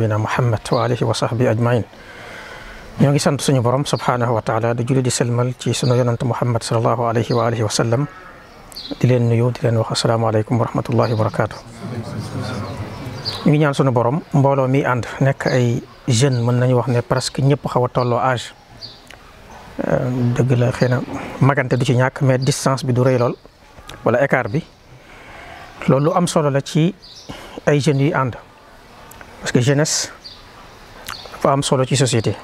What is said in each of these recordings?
nabina muhammad wa alihi wa sahbi ajmain ñoo ngi sant suñu borom subhaanahu wa taala di julli di selmal ci sunu yonant muhammad salallahu alayhi wa alihi wa sallam di leen nuyu di leen wax asalaamaaleykum wa rahmatullahi wa barakaatu ñu ngi ñaan sunu borom mbooloo mi ànd nekk ay jeune mën nañu wax ne presque ñëpp xaw a tolloo âge euh, dëgg la xëy na magante du ci ñàkk mais distance bi du rëy lool wala bi loolu am solo la ci ay jeunes yuy ànd parce que jeunesse dafa am solo ci société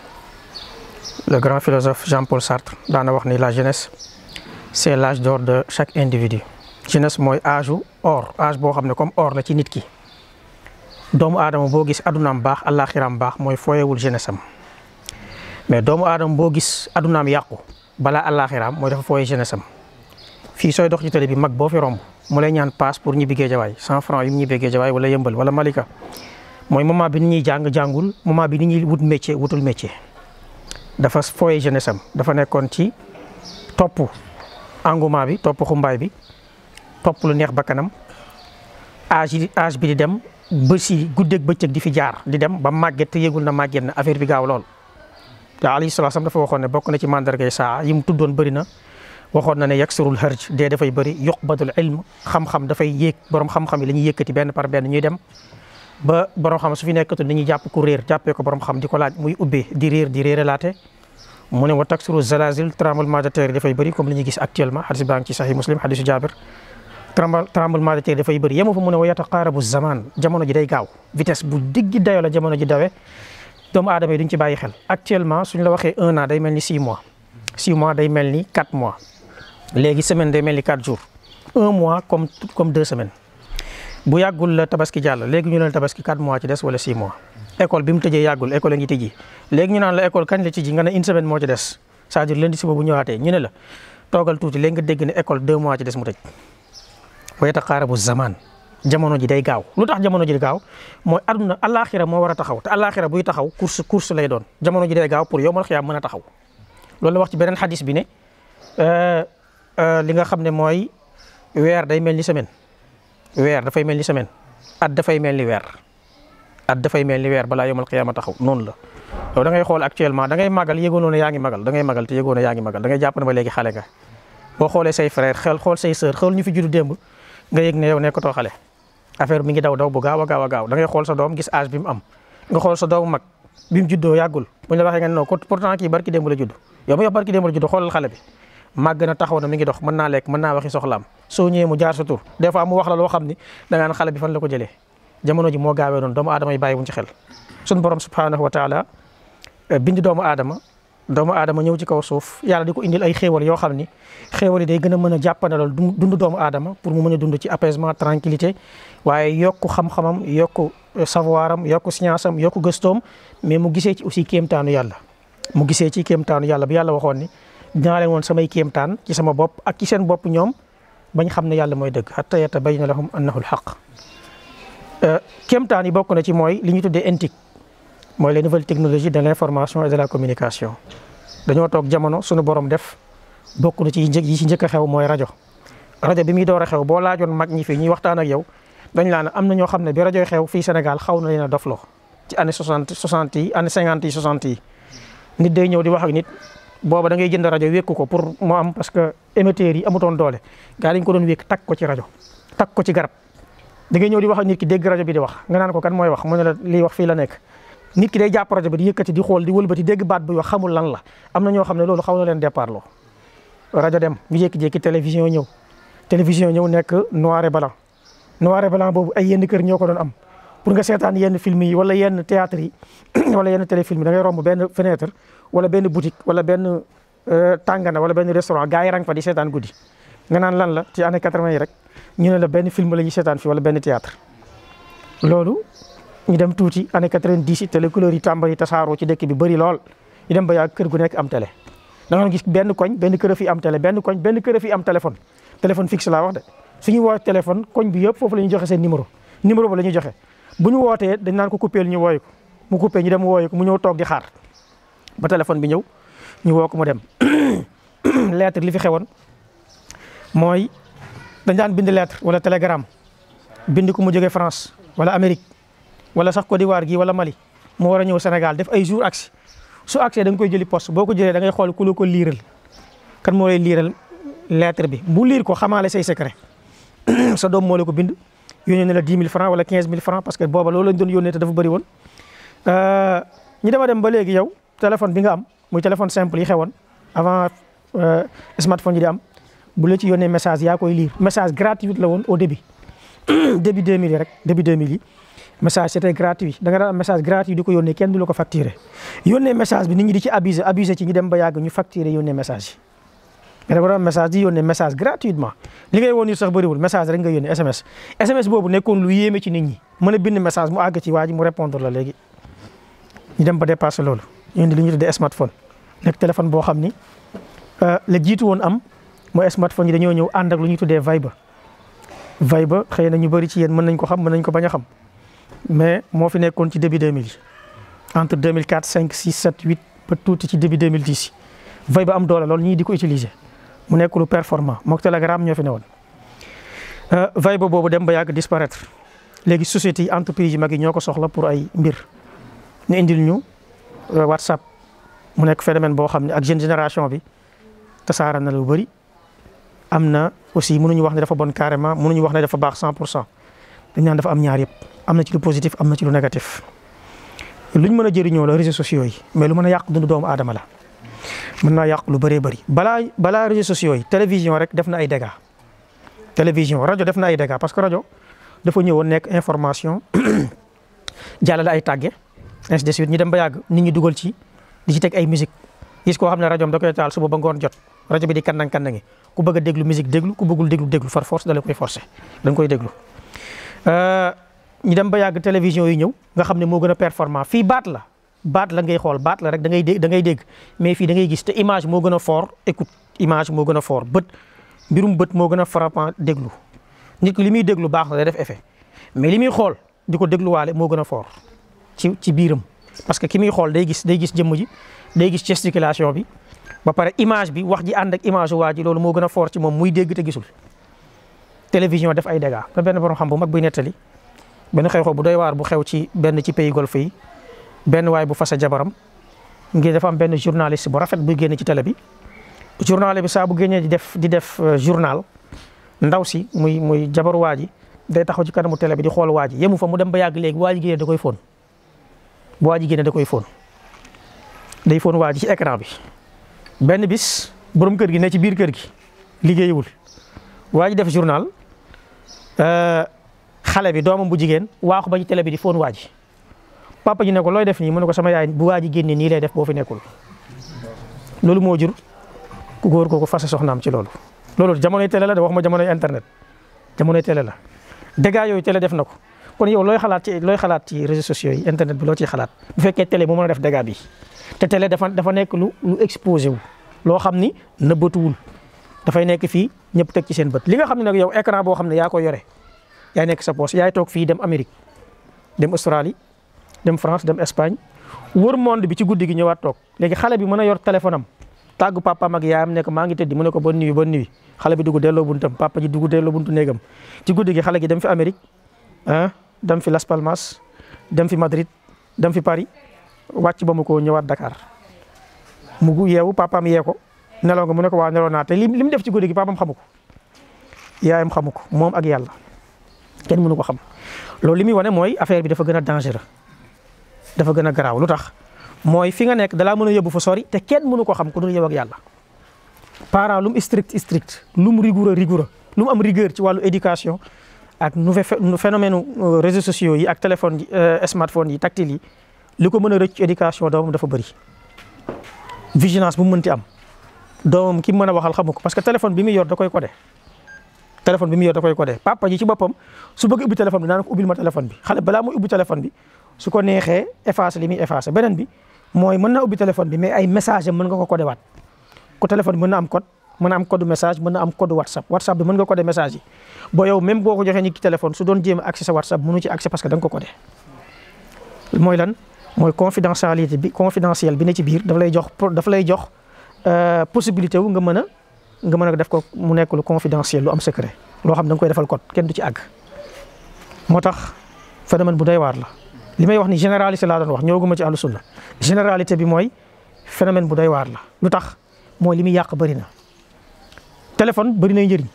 le grand philosophe Jean-Paul Sartre daana wax ni la jeunesse c' est l'âge de chaque individu jeunesse mooy âge or âge boo xam ne comme or la ci nit ki doomu aadama boo gis adunaam baax àllaaxiraam baax mooy fooyewul jeunesse am mais doomu aadama boo gis aduna adunaam yàqu balaa àllaaxiraam mooy dafa fooye jeunesse am fii sooy dox ci tali bi mag boo fi romb mu lay ñaan paas pour ñibbi Géejawaay cent franc yu mooy moment bi ni ñuy jàng jàngul moment bi ni ñuy wut métier wutul métier dafa foyee jeunesse am dafa nekkoon ci topp engouement bi topp xumbaay bi topp lu neex bakkanam âge âge bi di dem ba si guddeeg bëccëg di fi jaar di dem ba màgget te yëgul na màgget na affaire bi gaaw lool. te alayhi salaam dafa waxoon ne bokk na ci mandargay saa yi mu tuddoon bëri na waxoon na ne yaksurul harj dee dafay bëri yuqbadul ilm xam-xam dafay yéeg borom xam-xam yi la ñuy yëkkati benn par benn ñuy dem. ba borom xam su fi nekkatu dañuy jàpp ku réer jàppee ko borom xam di ko laaj muy ubbee di réer di réer laate mu ne wa taksiru zalazil tremblement de terre dafay bëri comme li ñuy gis actuellement hadis baa ngi ci sahih muslim hadisu jaabir tremblement de terre dafay bëri yemu fa mu ne wa yataqaarabu zaman jamono ji day gaaw vitesse bu diggi dayo la jamono ji dawee doomu aadama yi duñ ci bàyyi xel actuellement suñ la waxee un an day mel ni six mois six mois day mel ni quatre mois léegi semaine day mel ni quatre jours mois comme comme deux bu yàggul la tabaski jàll léegi ñu ne la tabaski 4 mois ci des wala 6 mois école bi mu tëjee yàggul école a ngi tëji léegi ñu naan la école kañ la ci semaine moo ci des c'est-à-dire lundi suba ne la toogal tuuti léegi nga dégg ne école 2 mois ci des mu tëj wa yataqaarabu zaman jamono ji day gaaw lu tax jamono ji di gaaw mooy aduna alaxira moo war a taxaw te alaxira buy taxaw course course lay doon jamono ji day gaaw pour yowmal xiyaam a taxaw loolu wax ci beneen xadis bi ne euh, euh, li nga xam ne mooy weer day mel ni semaine weer dafay mel ni semaine at dafay mel ni weer at dafay mel ni weer balaa yomal qiyaama taxaw noonu la yow da ngay xool actuellement da ngay màggal yëgoonoo ne yaa ngi màggal da ngay màggal te yëgoon yaa ngi màggal ne ba léegi xale nga boo xoolee say frère xel xool say sœur xool ñu fi juddu démb nga yëg ne yow nekkatoo xale affaire mi ngi daw daw bu gaaw a gaaw a gaaw da xool sa doom gis âge bi am nga xool sa doom mag bi mu juddoo yàggul bu ñu la waxee nga ne non pourtant kii barki démb la judd xoolal xale bi màgg na taxaw na mi ngi dox mën naa lekk mën naa waxi soxlaam soo ñëwee mu jaar sa tur des fois mu wax la xam ni da ngaan xale bi fan la ko jëlee jamono ji moo gaawee noonu doomu aadama yi bàyyi wuñ ci xel suñ borom subhanahu wa taala eh, bind doomu aadama doomu aadama ñëw ci kaw suuf yàlla di ko indil ay xéewal yoo xam ni xéewal yi day gën a mën a jàppandalal dund doomu aadama pour mu mën a dund ci apaisement tranquillité waaye yokku xam-xamam yokku eh, savoir am yokku science am yokku gëstoom mais mu gisee ci aussi kéemtaanu yàlla mu gisee ci kéemtaanu yàlla bi yàlla waxoon ni dinaa leen woon samay kéemtaan ci sama bopp ak ci seen bopp ñoom bañ xam ne yàlla mooy dëgg hatta yatabayyana lahum annahu alhaq euh, kéemtaan yi bokk na ci mooy li ñuy tuddee NTIC mooy les nouvelles technologies de l' information et de la communication dañoo toog jamono suñu borom def bokk na ci yi ci njëkk xew mooy rajo rajo bi muy door a xew boo laajoon mag ñi fii ñuy waxtaan ak yow dañ laa am na ñoo xam ne bi rajo xew fii Sénégal xaw na leen a dofloo ci année soixante soixante yi année cinquante yi yi booba da ngay jënd rajo wékku ko pour mu am parce que émetteurs yi amutoon doole gaa dañ ko doon wékk takk ko ci rajo takk ko ci garab da ngay ñëw di wax ak nit ki dégg rajo bi di wax nga naan ko kan mooy wax mu ne la lii wax fii la nekk nit ki day jàpp rajo bi di yëkkati di xool di wëlbati dégg baat bi wax xamul lan la am na ñoo xam ne loolu xaw na leen départ loo rajo dem ñu jékki-jékki télévision ñëw télévision ñëw nekk noir et blanc noir et blanc boobu ay yenn kër ñoo ko doon am pour nga seetaan yenn film yi wala yenn théâtre yi wala yenn téléfilm yi da ngay romb benn fenêtre wala benn boutique wala benn euh, tàngana wala benn restaurant gars yi rang fa di seetaan guddi nga naan lan la ci année quatre-vingt yi rek ñu ne la benn film la ñuy seetaan fi wala benn théâtre loolu ñu dem tuuti année quatre-vingt-dix yi télé couleur yi tàmbali tasaaroo ci dëkk bi bëri lool ñu dem ba kër gu nekk am télé da nga gis benn koñ benn kër fi am télé benn koñ benn kër fi am téléphone téléphone fixe laa wax woo téléphone koñ bi yëpp foofu la ñuy joxe seen numéro numéro ba la ñuy joxe bu ñu wootee dañ naan ko coupéel ñu wooyu ko mu coupé ñu dem wooyu ko mu ñëw toog di xaar ba téléphone bi ñëw ñu woo ko mu dem lettre li fi xewoon mooy dañ daan bind lettre wala télégramme bind ko mu jógee France wala Amérique wala sax Côte d'Ivoire gi wala Mali mu war a ñëw Sénégal def ay jour accès su accès da nga koy jëli post boo ko jëlee da ngay xool ku ko liiral kan moo lay liiral lettre bi bu liir ko xamaale say secret sa doom ko bind yónnee ne la dix mille francs wala quinze mille francs parce que booba loolu lañ doon yónnee te dafa bëri woon euh, ñu dema dem ba léegi yow téléphone bi nga am muy téléphone simple yi woon avant euh, smartphone yi di am bu la ci yónnee message yaa koy lire message gratuit la woon au début début 2000 yi rek début 2000 yi message c'était gratuit da nga message gratuit di ko yónnee kenn du la ko facturé yónnee message bi nit ñi di ci ñu dem ba yàgg ñu facturé message message di yónnee gratuitement li ngay woon yu sax bëriwul message rek nga yónnee SMS SMS boobu nekkoon lu yéeme ci nit ñi mën a bind message mu àgg ci waa ji mu répondre la léegi ñu dem ba dépassé loolu ñu indi li ñu tuddee smartphone téléphone boo xam ni euh, la jiitu woon am mooy smartphone yi dañoo ñëw ànd ak lu ñuy tuddee Viber Viber xëy na ñu bëri ci yéen mën nañ ko xam nañ ko bañ a xam mais moo fi nekkoon ci début 2000 entre 2004 5 6 7 8 ba tuuti ci début 2010 Viber am doole loolu ñii di ko utiliser. mu nekk lu performant mook Telegram ñoo fi a euh, vibe boobu dem ba yàgg disparaître léegi société yi entreprise mag yi ñoo ko soxla pour ay mbir ñu indil ñu euh, WhatsApp mu nekk phénomène boo xam ne ak jeune génération bi tasaara na lu bëri. am na aussi mënuñu wax ne dafa bon carrément mënuñu wax ne dafa baax 100 pour cent dañ naan dafa am ñaar yëpp am na ci lu positif am na ci lu négatif luñ mën a jëriñoo la réseaux sociaux yi mais lu mën a yàq dundu doomu aadama la. mën naa yàq lu bëree bëri balaa balaa réseaux sociaux yi télévision rek def na ay dégâts télévision rajo def na ay dégâts parce que rajo dafa ñëwoon nekk information jàllale ay tàgge ainsi de suite ñu dem ba yàgg nit ñi dugal ci di ci teg ay musique gis koo xam ne rajoom da koy taal suba ba ngoon jot rajo bi di kandang kandangi ku bëgg a déglu musique déglu ku bëggul déglu déglu far force da la koy forcer da nga koy déglu euh, ñu dem ba yàgg télévision yi ñëw nga xam ne moo gën a performant fii baat la baat la ngay xool baat la rek da ngay dégg da dégg mais fii da ngay gis te image moo gën a fort écoute image moo gën a foor bët mbirum bët moo gën a frappant déglu nit ki li muy déglu baax na day def effet mais li muy xool di ko dégluwaale moo gën a fort ci ci biiram parce que ki muy xool day gis day gis jëmm ji day gis gesticulation bi ba pare image bi wax ji ànd ak image waa ji loolu moo gën a foor ci moom muy dégg te gisul télévision def ay dégâts. benn borom xam bu mag buy nettali benn xew-xew bu doy waar bu xew ci benn ci pays golfe benn waay bu fase jabaram ngi dafa am benn journaliste bu rafet bu génnee ci tele bi journal bi saa bu génnee di def di def euh, journal ndaw si muy muy jabaru waa ji day taxaw ci kanamu tele bi di xool waa ji yemu fa mu dem ba yàgg léegi waa ji koy fóon waa ji génne da koy fóon day fóon ci écran bi benn bis borom kër gi ne ci biir kër gi liggéeyiwul waa ji def journal euh, xale bi doomam bu jigéen waaxu ba ci télé bi di fóon waa ji papa ji ne ko looy def nii mu ko sama yaay bu waa génne nii lay def boo fi loolu moo jur ku góor kooku soxna am ci loolu. loolu jamonoy télé la de wax ma jamonoy internet jamonoy télé la dégâts yooyu tele def na ko kon yow looy xalaat ci looy xalaat ci réseaux sociaux yi internet bi loo ciy xalaat bu fekkee tele moo mën a def dégâts bi te tele dafa dafa nekk lu lu exposé wu loo xam ni na nëbbatuwul dafay nekk fii ñëpp teg ci seen bët li nga xam ne nag yow écran boo xam ne yaa ko yore yaa nekk sa poche yaay toog fii dem Amérique dem Australie. dem France dem Espagne wër monde bi ci guddi gi ñëwaat toog léegi xale bi mën a yor téléphone am tàggu papaam ak yaayam nekk ko maa ngi tëddi mu ne ko bonne nuit ba nuit xale bi dugg delloo buntam papa ji dugg delloo buntu néegam ci guddi gi xale gi dem fi Amérique ah dem fi Las Palmas dem fi Madrid dam fi Paris wàcc ba mu ko ñëwaat Dakar mu yeewu papaam yee ko nelaw nga mu ne ko waa nelaw naa te li li mu def ci guddi gi papaam xamu ko yaayam xamu ko moom ak yàlla kenn mënu ko xam loolu li muy wane mooy affaire bi dafa gën a dangereux dafa gën a garaaw lu tax mooy fi nga nekk dalaa mën a yóbbu fa sori te kenn mënu ko xam ku dul yow ak yàlla parent lu mu strict strict lu mu rigoureux rigoureux lu mu am rigueur ci wàllu éducation ak nouveau phénomène euh, réseaux sociaux yi ak téléphone yi euh, smartphone yi tactile yi li ko mën a rëcc éducation doomam dafa bëri vigilance bu mu mënti am doomam ki mën a waxal xamu parce que téléphone bi muy yor da ko codé téléphone bi muy yor da koy codé papa ji ci boppam su bëgg ubbi bi naan balaa muy ubbi téléphone bi su ko neexee effacer li muy effacer beneen bi mooy mën na ubbi téléphone bi mais ay message mën nga ko codé waat ko téléphone bi mën na am code mën na am code mën na am code whatsapp whatsapp bi mën nga codé message yi ko joxee nit ki téléphone su doon jéem accès sa whatsapp mënu ci accès parce que da nga ko mooy lan mooy confidentialité bi confidentiel bi ne ci biir daf jox daf lay jox euh, possibilité wu nga mën a nga mën a def ko mu nekk lu confidentiel lu am secret loo xam da nga koy defal code kenn du ci àgg moo tax phénomène bu doy waar la li may wax ni généralité laa doon wax ñëwaguma ci ahlu sunna généralité bi mooy phénomène bu doy waar la lu tax mooy li muy yàq bëri na téléphone bëri na njëriñ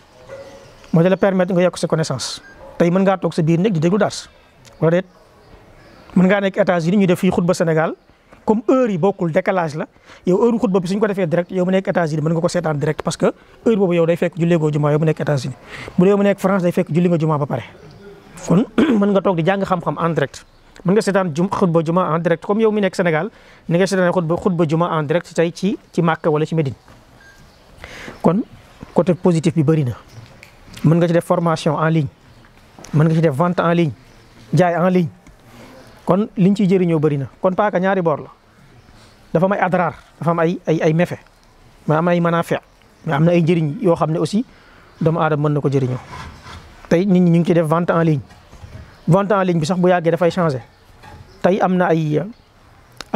moo dala permettre nga yokk sa connaissance tey mën ngaa toog sa biir nekk di déglu dars wala déet mën ngaa nekk États-Unis ñu def fii xutba Sénégal comme heure yi bokkul décalage la yow heure xutba bi suñ ko defee direct yow mu nekk États-Unis mën nga ko seetaan direct parce que heure boobu yow day fekk julli goo jumaa yow mu nekk États-Unis bu day fekk julli nga jumaa ba pare kon mën nga toog jàng xam-xam mën nga seetaan jum xutba juma en direct comme yow mi nekk Sénégal ni nga seetaan xutba xutba juma en direct tey ci ci Màkka wala ci Médine kon côté positif bi bëri na mën nga ci def formation en ligne mën nga ci def vente en ligne jaay en ligne kon liñ ciy jëriñoo bëri na kon paaka ñaari boor la dafa am ay adraar dafa am ay ay ay mefe ma am ay manafe mais am na ay njëriñ yoo xam ne aussi doomu aadama mën na ko jëriñoo tey nit ñu ñu ngi ciy def vente en ligne vente en ligne bi sax bu yàggee dafay changé tey am na ay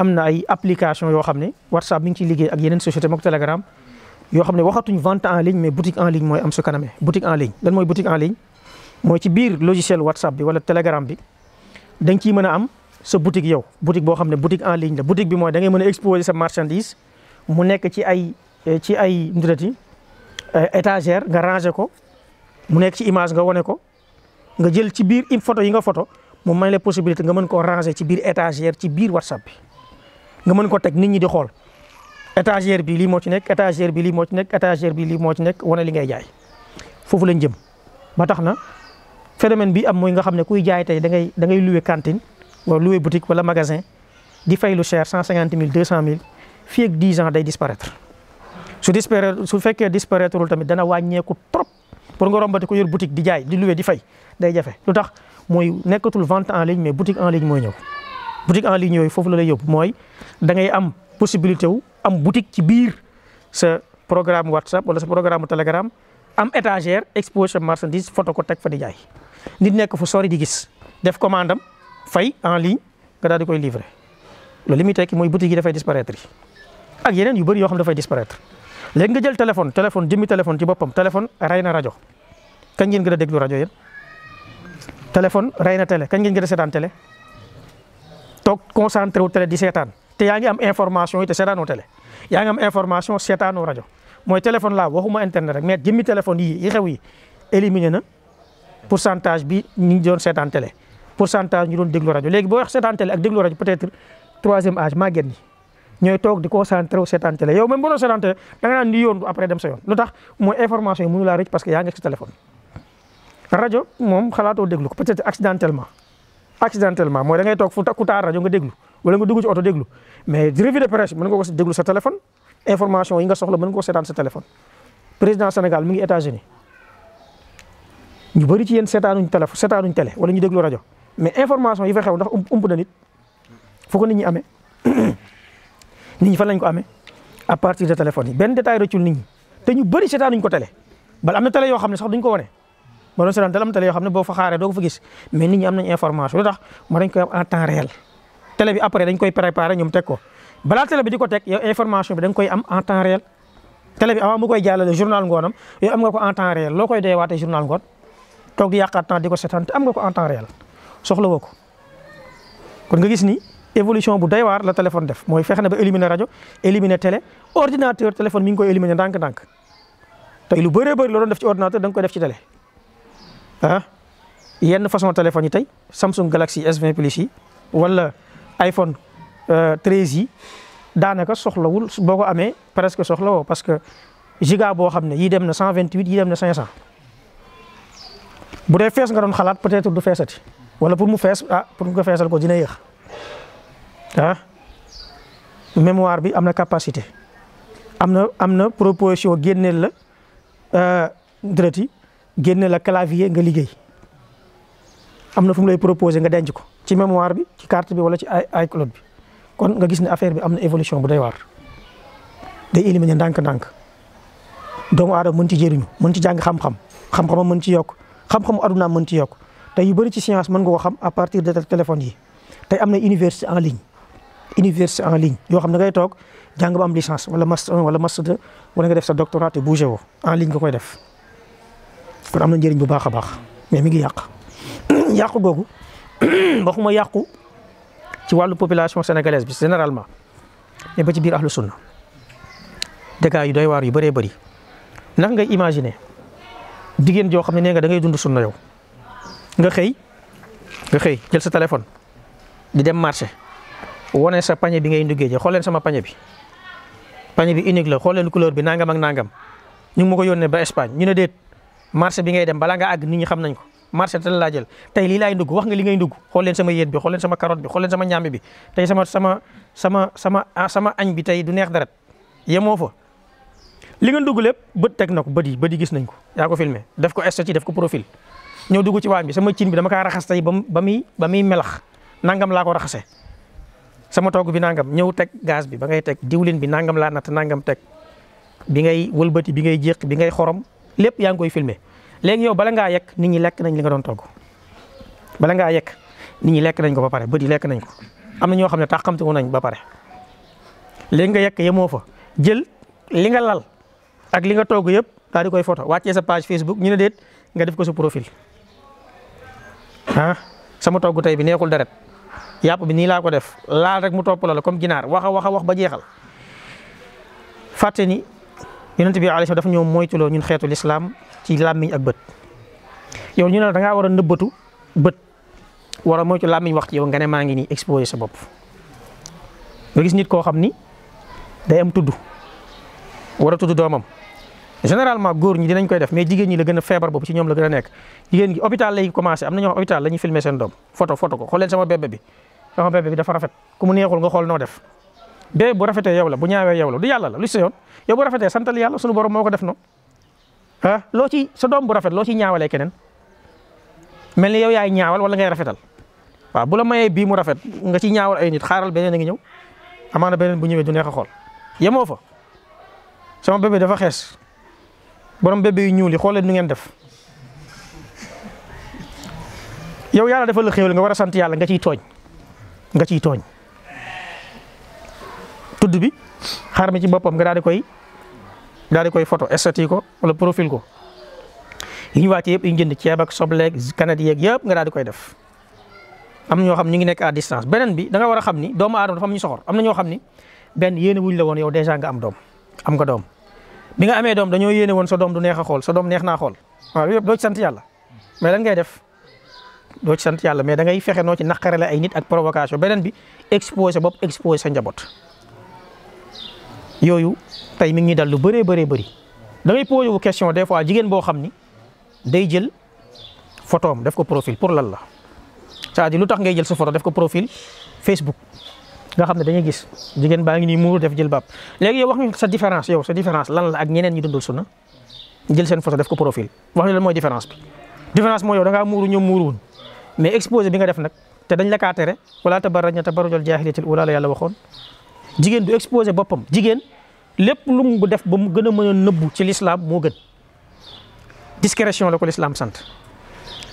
am na ay application yoo xam ne WhatsApp mi ngi ciy liggéey ak yeneen société mook Telegram yoo xam ne waxatuñ vente en ligne mais boutique en ligne mooy am su kanamee boutique en ligne lan mooy boutique en ligne mooy ci biir logiciel WhatsApp bi wala Telegram bi da nga ciy mën a am sa boutique yow boutique boo xam ne boutique en ligne la boutique bi mooy da ngay mën a exposer sa marchandise mu nekk ci ay ci ay ndudati euh, étagère nga ko mu nekk ci image nga wane ko nga jël ci biir i foto yi nga photo mu may la possibilité nga mën ko ranger ci biir étagère ci biir WhatsApp bi nga mën ko teg nit ñi di xool étagère bi lii moo ci nekk étagère bi lii moo ci nekk étagère bi lii moo ci nekk wane li ngay jaay foofu lañ jëm ba tax na phénomène bi am mooy nga xam ne kuy jaay tey da ngay da ngay louer cantine wala louer boutique wala magasin di fay lu cher cent cinquante mille deux cent mille fii ak dix ans day disparaître su disparaître su fekkee disparaître tamit dana wàññeeku trop pour nga rombati ko yor boutique di jaay di louer di fay day jafe lu tax mooy nekkatul vente en ligne mais boutique en ligne mooy ñëw boutique en ligne yooyu foofu la lay yóbbu mooy da am possibilité wu am boutique ci biir sa programme WhatsApp wala sa programme Telegram am étagère exposé marchandise photo ko teg fa di jaay nit nekk fu sori di gis def commande fay en ligne nga daal di koy livrer loolu li muy tekki mooy boutique yi dafay disparaître ak yeneen yu bëri yoo xam dafay disparaître léegi nga jël téléphone téléphone jëmmi téléphone ci boppam téléphone rey na rajo kañ ngeen gën a déglu rajo yéen téléphone rey na télé kañ ngeen gën a seetaan télé toog concentré wu télé di seetaan te yaa ngi am information yi te seetaanoo télé yaa ngi am information seetaanoo rajo mooy téléphone laa waxuma internet rek mais jëmmi téléphone yi yi xew yi éliminé na pourcentage bi ñu doon seetaan télé pourcentage ñu doon déglu rajo léegi boo wax seetaan télé ak déglu rajo peut-être troisième âge maa génn ñooy toog di concentré wu seetaan télé yow même boo doon seetaan télé da nga naan rajo moom xalaatoo déglu ko peut-être accidentellement accidentellement mooy da ngay toog fu takku rajo nga déglu wala nga dugg ci oto déglu mais revue de presse mën nga ko déglu sa téléphone information yi nga soxla mën nga ko seetaan sa téléphone président Sénégal mi ngi États-Unis ñu bëri ci yéen seetaanuñ téléphone seetaanuñ télé wala ñu déglu rajo mais information yi fa xew ndax um, ump na nit fu ko nit ñi amee nit ñi fan lañ ko amee à partir de téléphone yi benn détail rëccul nit ñi te ñu bëri seetaanuñ ko télé bala am yoo xam ne sax duñ ko wane. ba doon seetaan am télé yoo xam ne boo fa xaaree doo ko fa gis mais nit ñi am nañ information lu tax moo koy am en temps réel bi après dañ koy préparé ñoom teg ko balaa télé bi di ko teg yow information bi dañ koy am en temps réel télé bi mu koy jàllale journal ngoonam yow am nga ko en temps réel loo koy deewaatee journal ngoon toog di yàqaat temps di ko seetaan te am ko en temps soxla woo ko kon nga gis ni évolution bu doy waar la téléphone def mooy fexe na ba éliminer rajo éliminer télé ordinateur téléphone mi ngi koy éliminer ndànk-ndànk tey lu bëree bëri la doon def ci ordinateur da nga def ci ah yenn façon téléphone yi tey Samsung Galaxy S20 plus yi wala iPhone 13 euh, yi daanaka soxlawul boo ko amee presque soxla woo parce que jiga boo xam ne yii dem na cent 128 yii dem na cent bu dee fees nga doon xalaat peut-être du feesati wala pour mu fees ah pour nga feesal ko dina yéex ah mémoire bi am na capacité am na am na proposition génneel la euh, dërët génne la clavier nga liggéey am na fu mu lay proposé nga denc ko ci mémoire bi ci carte bi wala ci iCloud bi kon nga gis ne affaire bi am na évolution bu day waar day éliminer ndànk-ndànk doomu aadama mën ci jëriñu mën ci jàng xam-xam xam-xama mën ci yokk xam-xamu adunaam mën ci yokk te yu bëri ci science mën nga ko xam à partir de téléphone yi tey am na université en ligne université en ligne yoo xam ne ngay toog jàng ba am licence wala master wala master nga def sa doctorat te bougé woo nga koy def kon am na njëriñ bu baax a baax mais mi ngi yàq yàqu googu waxuma yàqu ci wàllu population sénégalaise bi généralement mais ba ci biir ahlu sunna dégâts yu doy waar yu bëree bari naka ngay imaginer jigéen joo xam ne nee nga da ngay dund sunna yow nga xëy nga xëy jël sa téléphone di dem marché wane sa pañe bi ngay nduggee ji xool leen sama pañe bi pañe bi unique la xool leen couleur bi nangam ak nangam ñu moo ma ko yónnee ba Espagne ñu na déet. marché bi ngay dem bala nga àgg nit ñi xam nañ ko marché tal laa jël tey lii laay ndugg wax nga li ngay ndugg xool leen sama yéet bi xool leen sama carotte bi xool leen sama ñaambi bi tey sama sama sama sama ah, sama añ bi tey du neex dara yemoo fa li nga dugg lépp bët teg na ko bët yi bët yi gis nañ ko yaa ko filmé def ko statut def ko profil ñëw dugg ci waañ bi sama cin bi dama kaa raxas tey ba ba muy muy melax nangam laa ko raxase sama togg bi nangam ñëw teg gaz bi ba ngay teg diwlin bi nangam laa natt nangam teg bi ngay wëlbati bi ngay jéq bi ngay xorom lépp yaa ngi koy filme léegi yow bala ngaa yekk nit ñi lekk nañ li nga doon togg bala ngaa yekk nit ñi lekk nañ ko ba pare bët yi lekk nañ ko am na ñoo xam ne taxamtiku nañ ba pare léegi nga yekk yemoo fa jël li nga lal ak li nga togg yëpp daal di koy photo wàccee sa page Facebook ñu ne déet nga def ko sa profile ah sama togg tey bi neexul deret yàpp bi nii laa ko def laal rek mu topp la comme ginaar wax a wax a wax ba jeexal fàtte ni yonent bi alayhi dafa ñëw moytuloo ñun xeetu lislaam ci làmmiñ ak bët yow ñu ne la da war a nëbbatu bët war a moytu làmmiñ wax ci yow nga ne maa ngi nii exposé sa bopp nga gis nit koo xam ni day am tudd war a tudd doomam généralement góor ñi dinañ koy def mais jigéen ñi la gën a feebar boobu ci ñoom la gën a nekk jigéen gi hôpital lay commencé am na ñoo xam hôpital la ñuy filmer seen doom photo photo ko xool leen sama bébé bi bi dafa rafet ku mu nga xool noo def dee bu rafetee yow la bu ñaawee yow la du yàlla la lu si yoon yow bu rafetee santal yàlla sunu borom moo ko def noonu ah, loo ci sa doom bu rafet loo ci ñaawalee keneen mel ni yow yaay ñaawal wala ngay rafetal waaw bu la mayee bii mu rafet nga ci ñaawal ay nit xaaral beneen a ngi ñëw amaana beneen bu ñëwee du neex a xool yemoo fa sama bébé dafa xees borom bébé yu ñuul yi leen nu ngeen def yow yàlla dafa la xéewal nga war a sant yàlla nga ciy tooñ nga ciy tooñ. tudd bi xar mi ci boppam nga daal di koy daal di koy photo estati ko wala profil ko yi ñu wàcce yëpp yi ñu jënd ceeb ak sobleeg kanat yeeg yëpp nga daal di koy def. am ñoo xam ñu ngi nekk à distance da nga war a xam ni doomu aadama dafa ñoo xam ni benn yéene wuñ la woon yow dèjà nga am doom am nga doom bi nga amee doom dañoo yéene woon sa doom du neex a xool sa doom neex naa xool waaw yëpp doo ci sant yàlla mais lan def doo ci sant yàlla mais da fexe noo ci naqarale ay nit ak provocation beneen bi exposé bopp exposé sa njaboot. yooyu tey mi ngi dal lu bëree bëree bëri da ngay posé wu question des fois jigéen boo xam ni day jël photo am def ko profil pour lan la cest à lu tax ngay jël sa photo def ko profil Facebook nga xam ne dañuy gis jigéen baa ngi nii muuru def jël baab léegi yow wax nga sa différence yow sa différence lan la ak ñeneen ñi dundul sunna jël seen photo def ko profil wax ne lan mooy différence bi différence mooy yow da ngaa muuru ñoom muuruwun mais exposé bi nga def nag te dañ la kaa tere wala tabarrajna tabarrujal jaahiliyyatil uulaa la yàlla waxoon jigéen du exposé boppam jigéen lépp lu mu def ba mu gën a mën nëbbu ci lislaam moo gën discrétion la ko lislaam sant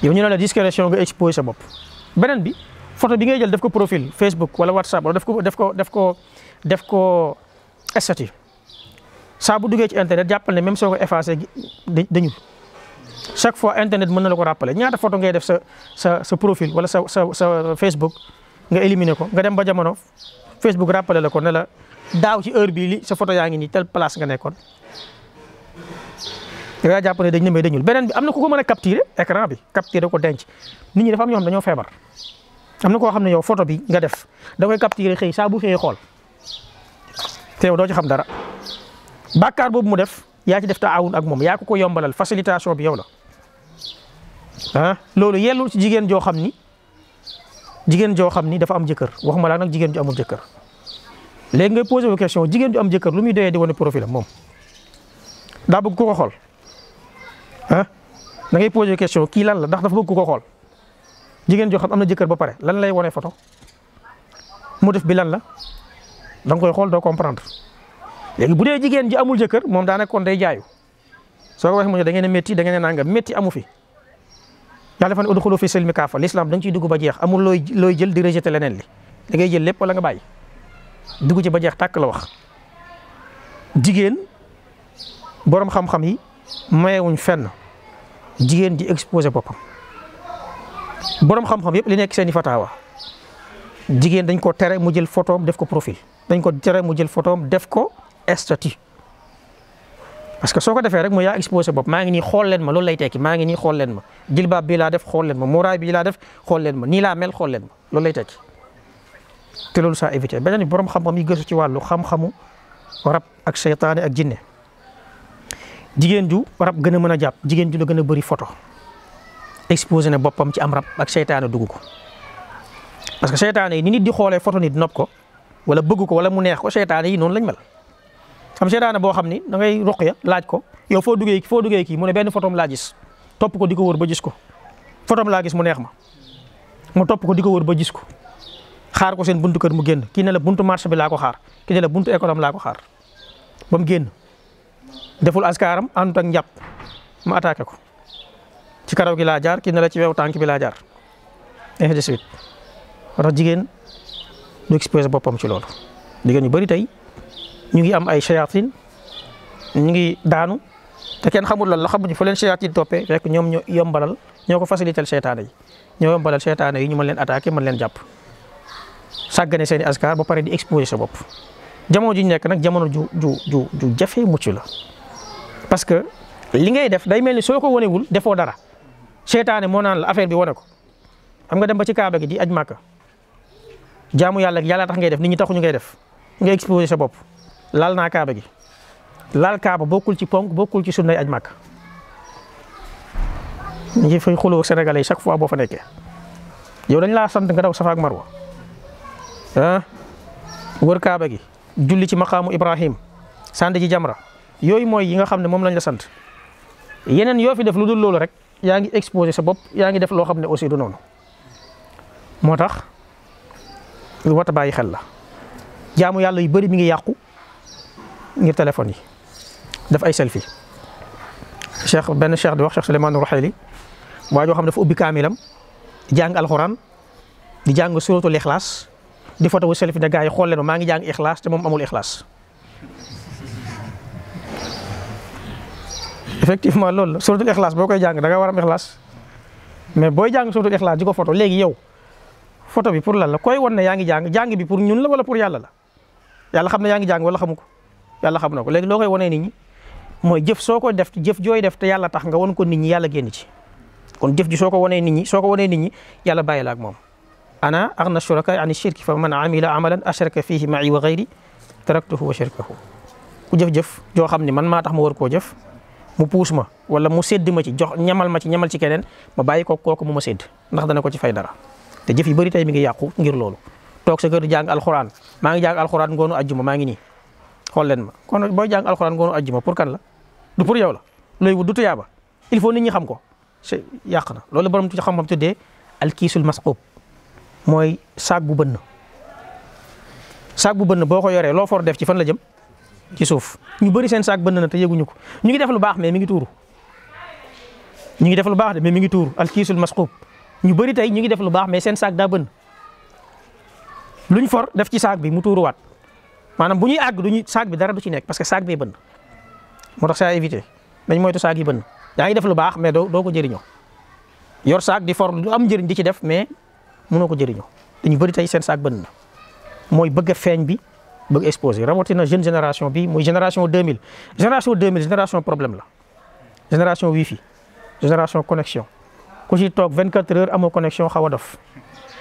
yow ñu ne la discrétion nga exposé sa bopp. beneen bi photo bi ngay jël def ko profil Facebook wala WhatsApp wala def ko def ko def ko def ko statut saa bu duggee ci internet jàppal ne même soo ko effacé dañu chaque fois internet mën na la ko rappeler ñaata photo ngay def sa sa sa profil wala sa sa sa Facebook nga éliminer ko nga dem ba jamono. Facebook rappelé la ko ne la daaw ci heure bii li sa photo yaa ngi nii tel place nga nekkoon yow yaa jàpp ne dañ ne mais dañul beneen bi am na ku ko mën a capturer écran bi capturer ko denc nit ñi dafa am ñoo xam dañoo feebar. am na koo xam ne yow photo bi nga def da koy capturer xëy saa bu xëyee xool te doo ci xam dara bakkaar boobu mu def yaa ci def taawun ak moom yaa ko ko yombalal facilitation bi yow la ah, loolu yellul ci jigéen joo xam ni. jigéen joo xam ni dafa am jëkkër waxuma laa nag jigéen ju amul jëkkër léegi ngay posé wu question jigéen ju am jëkkër lu muy doyee di wane profil moom daa bëgg ku ko xool ah da ngay posé question kii lan la ndax dafa bëgg ko xool jigéen joo xam am na jëkkër ba pare lan lay wane photo mu def bi lan la da koy xool doo comprendre léegi bu dee jigéen ji amul jëkkër moom daanaka kon day jaayu soo ko waxee mu ne da ngeen a métti nangam métti amu fi. yàlla dafa ne udxulu fi silmi kaafa l'islam da nga ciy dugg ba jeex amul looy looy jël di rejeté leneen li da ngay jël lépp wala nga bàyyi dugg ci ba jeex tàkk la wax jigéen borom xam-xam yi wuñ fenn jigéen di exposé boppam borom xam-xam yëpp li nekk seeni i fataawa jigéen dañ ko tere mu jël photoom def ko profil dañ ko tere mu jël photoom def ko statut parce que soo ko defee rek mooy yaa exposé bopp maa ngi nii xool leen ma loolu lay tekki maa ngi nii xool leen ma jilbaab bii laa def xool leen ma muraay bii laa def xool leen ma nii laa mel xool leen ma loolu lay tekki te loolu saa éviter beneen bi borom xam-xam yi gëstu ci wàllu xam-xamu rab ak seytaane ak jinne jigéen ju rab gën a mën a jàpp jigéen ju la gën a bëri photo exposé na boppam ci am rab ak seytaane dugg ko parce que seytaane yi ni nit di xoolee photo nit nopp ko wala bëgg ko wala mu neex ko seytaane yi noonu lañ mel am seetaane boo xam ni da ngay roq ya laaj ko yow foo duggee foo duggee kii mu ne benn photom laa gis topp ko di ko wër ba gis ko photom laa gis mu neex ma mu topp ko di ko wër ba gis ko xaar ko seen buntu kër mu génn kii ne la buntu marché bi laa ko xaar kii ne la buntu école am laa ko xaar ba mu génn deful askaaram àndut ak njàpp ma attaqué ko ci karaw gi laa jaar kii ne la ci weew tànk bi laa jaar ainsi de suite jigéen du exposé boppam ci loolu jigéen yu bari tey ñu ngi am ay shayatin ñu ngi daanu te kenn xamul lan la xamuñu fa leen shayatin toppee rek ñoom ñoo yombalal ñoo ko facilitel seytaane yi ñoo yombalal seytaane yi ñu mën leen attaqué mën leen jàpp saggane seen i askar ba pare di exposer sa bopp jamono ju nekk nag jamono ju ju ju ju jafe mucc la parce que li ngay def day mel ni soo ko wanewul defoo dara seytaane moo naan la affaire bi wane ko xam nga dem ba ci kaaba gi di aj màkka jaamu yàlla yàlla tax ngay def nit ñi taxuñu ngay def nga exposer sa bopp laal naa kaaba gi laal kaaba bokkul ci ponk bokkul ci sunnay aj màkk ñu ngi fay xuloo sénégalais yi chaque fois boo fa nekkee yow dañ laa sant nga daw safa ak marwa ah wër kaaba gi julli ci maqaamu ibrahim sànd ji jamra yooyu mooy yi nga xam ne moom lañ la sant yeneen yoo fi def lu dul loolu rek yaa ngi exposé sa bopp yaa ngi def loo xam ne aussi du noonu moo tax lu wat a bàyyi xel la jaamu yàlla yu bëri mi ngi yàqu ngir téléphone yi def ay selfie cheikh benn cheikh di wax cheikh Souleymane Ruhayli waa joo xam dafa ubbi kaamilam jàng alxuraan di jàng suratul ixlaas di foto wu selfie ne gars yi xool leen maa ngi jàng ixlaas te moom amul ixlaas effectivement loolu la suratul ixlaas boo koy jàng da nga war am mais booy jàng suratul ixlaas di ko foto léegi yow foto bi pour lan la koy wan ne yaa ngi jàng jàng bi pour ñun la wala pour yàlla la yàlla xam ne yaa ngi jàng wala xamu ko yàlla xam na ko léegi loo koy wanee nit ñi mooy jëf soo ko def jëf jooy def te yàlla tax nga wan ko nit ñi yàlla génn ci kon jëf ji soo ko wanee nit ñi soo ko wanee nit ñi yàlla bàyyi la ak moom ana aghna shuraka ani shirki fa man amila amalan ashraka fihi ma'i wa ghayri taraktuhu wa shirkahu ku jëf-jëf joo xam ne man maa tax ma war koo jëf mu puus ma wala mu sedd ma ci jox ñamal ma ci ñamal ci keneen ma bàyyi ko kooku mu ma sédd ndax dana ko ci fay dara te jëf yu bëri tey mi yàqu ngir loolu toog sa kër di jàng alxuraan maa ngi jàng alxuraan ngoonu ajjuma maa ngi nii xool leen ma kon booy jàng alxuraan ngoonu ajjuma pour kan la du pour yow la looy wut du tuyaaba il faut nit ñi xam ko c'est yàq na loolu borom ci xam-xam tuddee alkiisul masquub mooy saak bu bënn saag bu bënn boo ko yoree loo for def ci fan la jëm ci suuf ñu bëri seen saag bënn na te yëguñu ko ñu ngi def lu mais mi ngi tuuru ñu ngi def lu baax de mais mi ngi tuuru alkiisul masquub ñu bëri tey ñu ngi def lu baax mais seen saag daa bënn luñ for def ci saak bi mu tuuruwaat. maanaam bu ñuy àgg du ñuy saak bi dara du ci nekk parce que saag bee bënn moo tax saa éviter dañ moytu saag yi bënn yaa ngi def lu baax mais doo doo ko jëriñoo yor saag di for du am njëriñ di ci def mais mënoo ko jëriñoo dañu bëri tey seen saak bënn na mooy bëgg feeñ bi bëgg exposé rawatina jeune génération bi mooy génération 2000 génération 2000 génération problème la génération wifi génération connexion ku ci toog 24 heures amoo connexion xaw a dof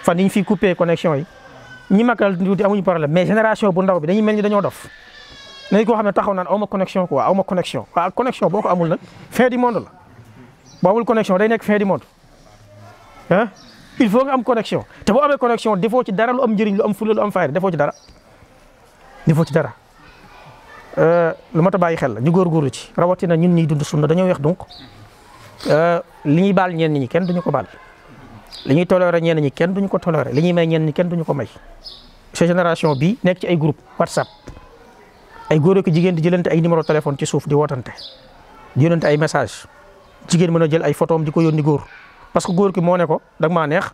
fan yi ñu fi coupé connexion yi. ñi magal tuuti amuñu problème mais génération bu ndaw bi dañuy mel ni dañoo dof nañ koo xam ne taxaw naan aw ma connexion quoi aw ma connexion waaw connexion boo ko amul nag fin du monde la boo day nekk fin du monde ah il faut nga am connexion te boo amee connexion defoo ci dara lu am njëriñ lu am fulla lu am fayda defoo ci dara defoo ci dara euh, lu mat a bàyyi xel la ñu góorgóorlu ci rawatina ñun ñuy dund sunna dañoo weex donc euh, li ñuy baal ñeen ñi kenn duñu ko baal. li ñuy toléré ñenn ñi kenn duñ ko toléré li ñuy may ñenn ñi kenn duñu ko may sa génération bi nekk ci ay groupe whatsapp ay góor ak jigéen di jëlante ay numéro téléphone ci suuf di wootante di yónnante ay message jigéen mën a jël ay photo am di ko yónni góor parce que góor ki moo ne ko danga maa neex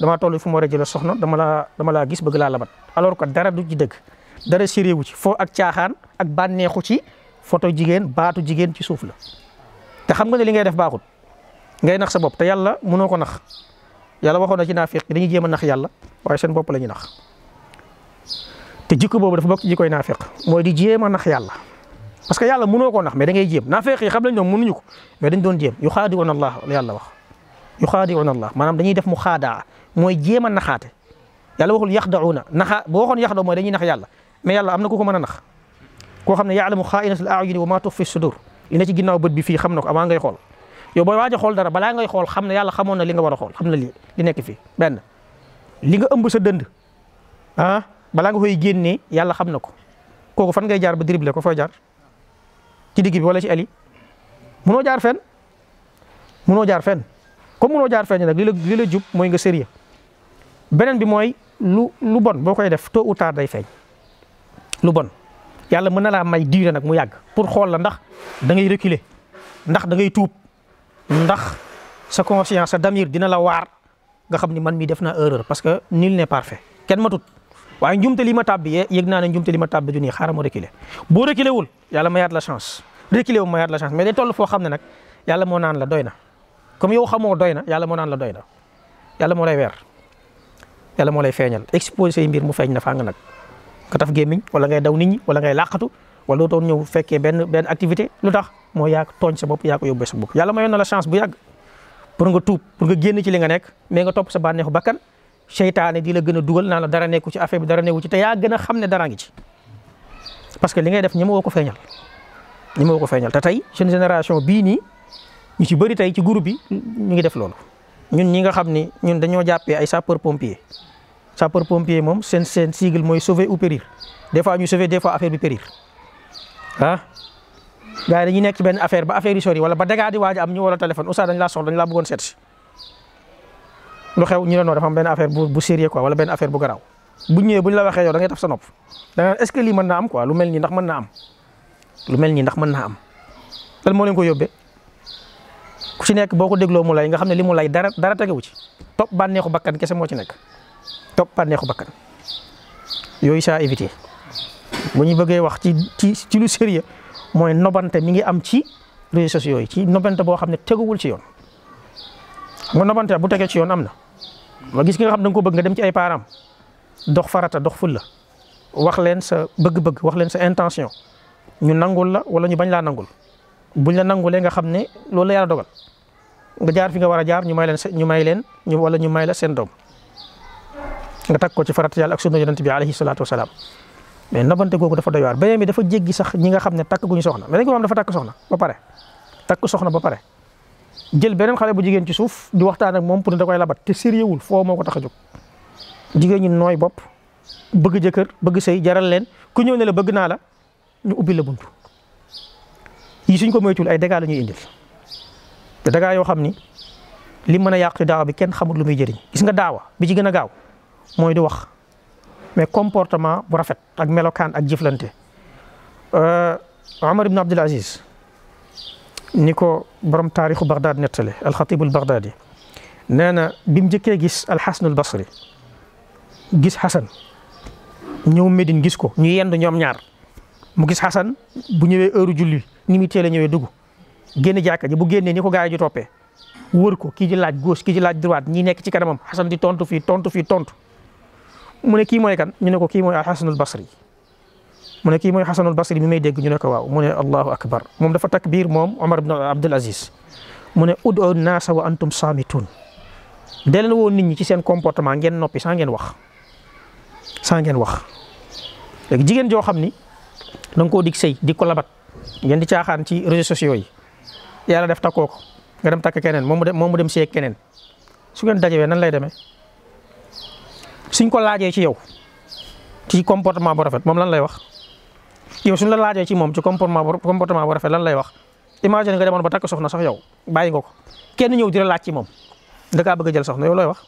damaa toll fu mu war a soxna dama la dama laa gis bëgg laa labat alors ka dara du ji dëgg dara séré wu ci foo ak caaxaan ak bànneexu ci photo jigéen baatu jigéen ci suuf la te xam nga ne ngay def baaxut ngay nax bopp te yàlla mënoo ko nax yàlla waxoon na ci naafiq yi dañuy jéem nax yàlla waaye seen bopp la ñuy nax te jikko boobu dafa bokk ci jikkoy naafiq mooy di jéem a nax yàlla parce que yàlla mënoo koo nax mais da ngay jéem naafiq yi xam nañ ñoom mënuñu ko mais dañ doon jéem yu xaadiwoon allah yàlla wax yu xaadiwoon allah maanaam dañuy def mu xaadaa mooy jéem a naxaate yàlla waxul yaxdauna naxa boo waxoon yaxda mooy dañuy nax yàlla mais yàlla am na ku ko mën a nax koo xam ne yaalamu xaainatul aayuni wa ma tux fi sudur li na ci ginnaaw bët bi fii xam na ko avant ngay yow booy waaj a xool dara balaa ngay xool xam ne yàlla xamoon na li nga war a xool xam na li nekk fii benn li nga ëmb sa dënd ah balaa nga koy génnee yàlla xam na ko kooku fan ngay jaar ba dribble ko fooy jaar ci digg bi walla ci ali munoo jaar fenn munoo jaar fenn comme munoo jaar fenn nag li la li la jub mooy nga sérieux beneen bi mooy lu lu bon boo koy def tôt ou tard day feeñ lu bon yàlla mën na laa may diire nag mu yàgg pour xool la ndax da ngay reculer ndax da ngay tuub. ndax sa conscience sa damir dina la waar nga xam ni man mi def naa erreur parce que nul n'est parfait kenn matut waaye njumte li ma tàbbi yëg naa ne njumte li ma tàbbi du nii xaaral ma reculer boo reculer wul yàlla mayaat la chance reculer wu mayaat la chance mais day toll foo xam ne nag yàlla moo naan la doy na comme yow xamoo doy na yàlla moo naan la doy na yàlla moo lay weer yàlla moo lay feeñal exposé mbir mu feeñ na faa nga nag nga taf gémmiñ wala ngay daw nit ñi wala ngay làqatu wala doo ñëw fekkee benn benn activité lu tax moo yaa tooñ sa bopp yaa ko yóbbee sa bopp yàlla mayoon na la chance bu yàgg pour nga tuub pour nga génn ci li nga nekk mais nga topp sa bànneexu bakkan seytaane di la gën a dugal naa la dara nekku ci affaire bi dara nekku ci te yaa gën xam ne dara ngi ci parce que li ngay def ñi ma woo ko feeñal ñi ma woo ko feeñal te tey jeune génération bii nii ñu ci bëri tey ci groupe bi ñu ngi def loolu ñun ñi nga xam ni ñun dañoo jàppee ay sapeur pompier sapeur pompier moom seen seen sigle mooy sauver ou périr des fois ñu sauver des fois affaire bi périr ah gars yi nekk benn affaire ba affaire yi sori wala ba dagaa di waaj am ñu wala téléphone oustaz dañ laa soxla dañ laa bëggoon seet lu xew ñu ne non dafa am benn affaire bu bu sérieux ko wala benn affaire bu garaaw bu ñëwee bu ñu la waxee yow da ngay taf sa nopp da nga est-ce que naa am quoi lu mel nii ndax mën naa am lu mel nii ndax mën naa am lan moo leen ko yóbbee ku ci nekk boo ko dégloo mu lay nga xam ne li mu lay dara dara tegewu ci topp bànneexu bakkan kese moo ci nekk topp bànneexu bakkan yooyu bu ñu bëggee wax ci ci ci lu sérieux mooy nobante mi ngi am ci réseaux sociaux yi ci nobante boo xam ne teguwul ci yoon nga nobante bu tegee ci yoon am na ma gis ki nga xam da nga ko bëgg nga dem ci ay parents dox farata dox fulla wax leen sa bëgg-bëgg wax leen sa intention ñu nangul la wala ñu bañ laa nangul buñ la nangulee nga xam ne loolu la yàlla dogal nga jaar fi nga war a jaar ñu may leen ñu may leen ñu wala ñu may la seen doom nga takk ko ci farata yàlla ak sunna yonent bi alayhi salaatu wasalaam mais nabante googu dafa doy waar beneen bi dafa jéggi sax ñi nga xam ne takk guñu soxna mais dañ ko am dafa takk soxna ba pare takk soxna ba pare jël beneen xale bu jigéen ci suuf di waxtaan ak moom pour ne da koy labat te sérieuxwul foo moo ko tax a jóg jigéen ñi nooy bopp bëgg jëkkër bëgg sëy jaral leen ku ñëw ne la bëgg naa la ñu ubbi la buntu yi suñ ko moytuwul ay dégâts la ñuy indil te dégâts yoo xam ni li mën a yàq ci daawa bi kenn xamul lu muy jëriñ gis nga daawa bi ci gën a gaaw mooy di wax mais comportement bu rafet ak melokaan ak jëflante euh, Omar ibn Abdul Aziz ni ko borom taarixu Baghdad nettale alxatibul Baghdadi nee na bi mu njëkkee gis alxasanul basri gis xasan ñëw Medine gis ko ñu yend ñoom ñaar mu gis xasan bu ñëwee heure julli ni muy teel a ñëwee dugg génn jàkka ji bu génnee ni ko gars yi di toppee wër ko kii di laaj gauche ki di laaj droite ñi nekk ci kanamam xasan di tontu fii tontu fii tontu. mu ne kii mooy kan ñu ne ko kii mooy alxasanul basri mu ne kii mooy xasanul basri mi may dégg ñu ne ko waaw mu ne allahu akbar moom dafa takbiir moom Omar ibn Abdul Aziz mu ne ud'u naasa wa antum saamitun dee leen woo nit ñi ci seen comportement ngeen noppi saa ngeen wax saa ngeen wax léegi jigéen joo xam ni da nga koo dig sëy di ko labat ngeen di caaxaan ci réseaux sociaux yi yàlla def takkoo ko nga takk keneen moom mu dem moom mu dem sëy keneen su ngeen daje we nan lay demee. suñ ko laajee ci yow ci comportement bu rafet moom lan lay wax yow suñ la laajee ci moom ci comportement comportement bu rafet lan lay wax imagine nga demoon ba takk soxna sax yow bàyyi nga ko kenn ñëw di laaj ci moom da kaa bëgg a jël soxna yow looy wax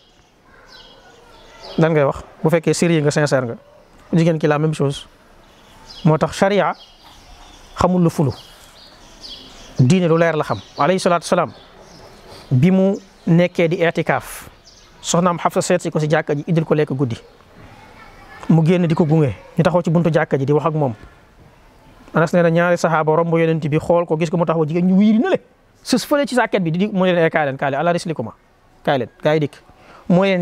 lan ngay wax bu fekkee sérieux nga sincère nga jigéen ki la même chose moo tax charia xamul lu fulu diine lu leer la xam alayhi salaatu salaam bi mu nekkee di itikaaf soxnaam Xafsa seet si ko si jàkka ji indil ko lekk guddi mu génn di ko gunge ñu taxaw ci buntu jàkka ji di wax ak moom Anas nee na ñaari saxaaba romb yonent bi xool ko gis ko mu taxaw jigéen ñu wiiri na le sës fële ci sàkket bi di mu leen ay eh, kaay leen kaay leen ala rislikuma kaay leen kaay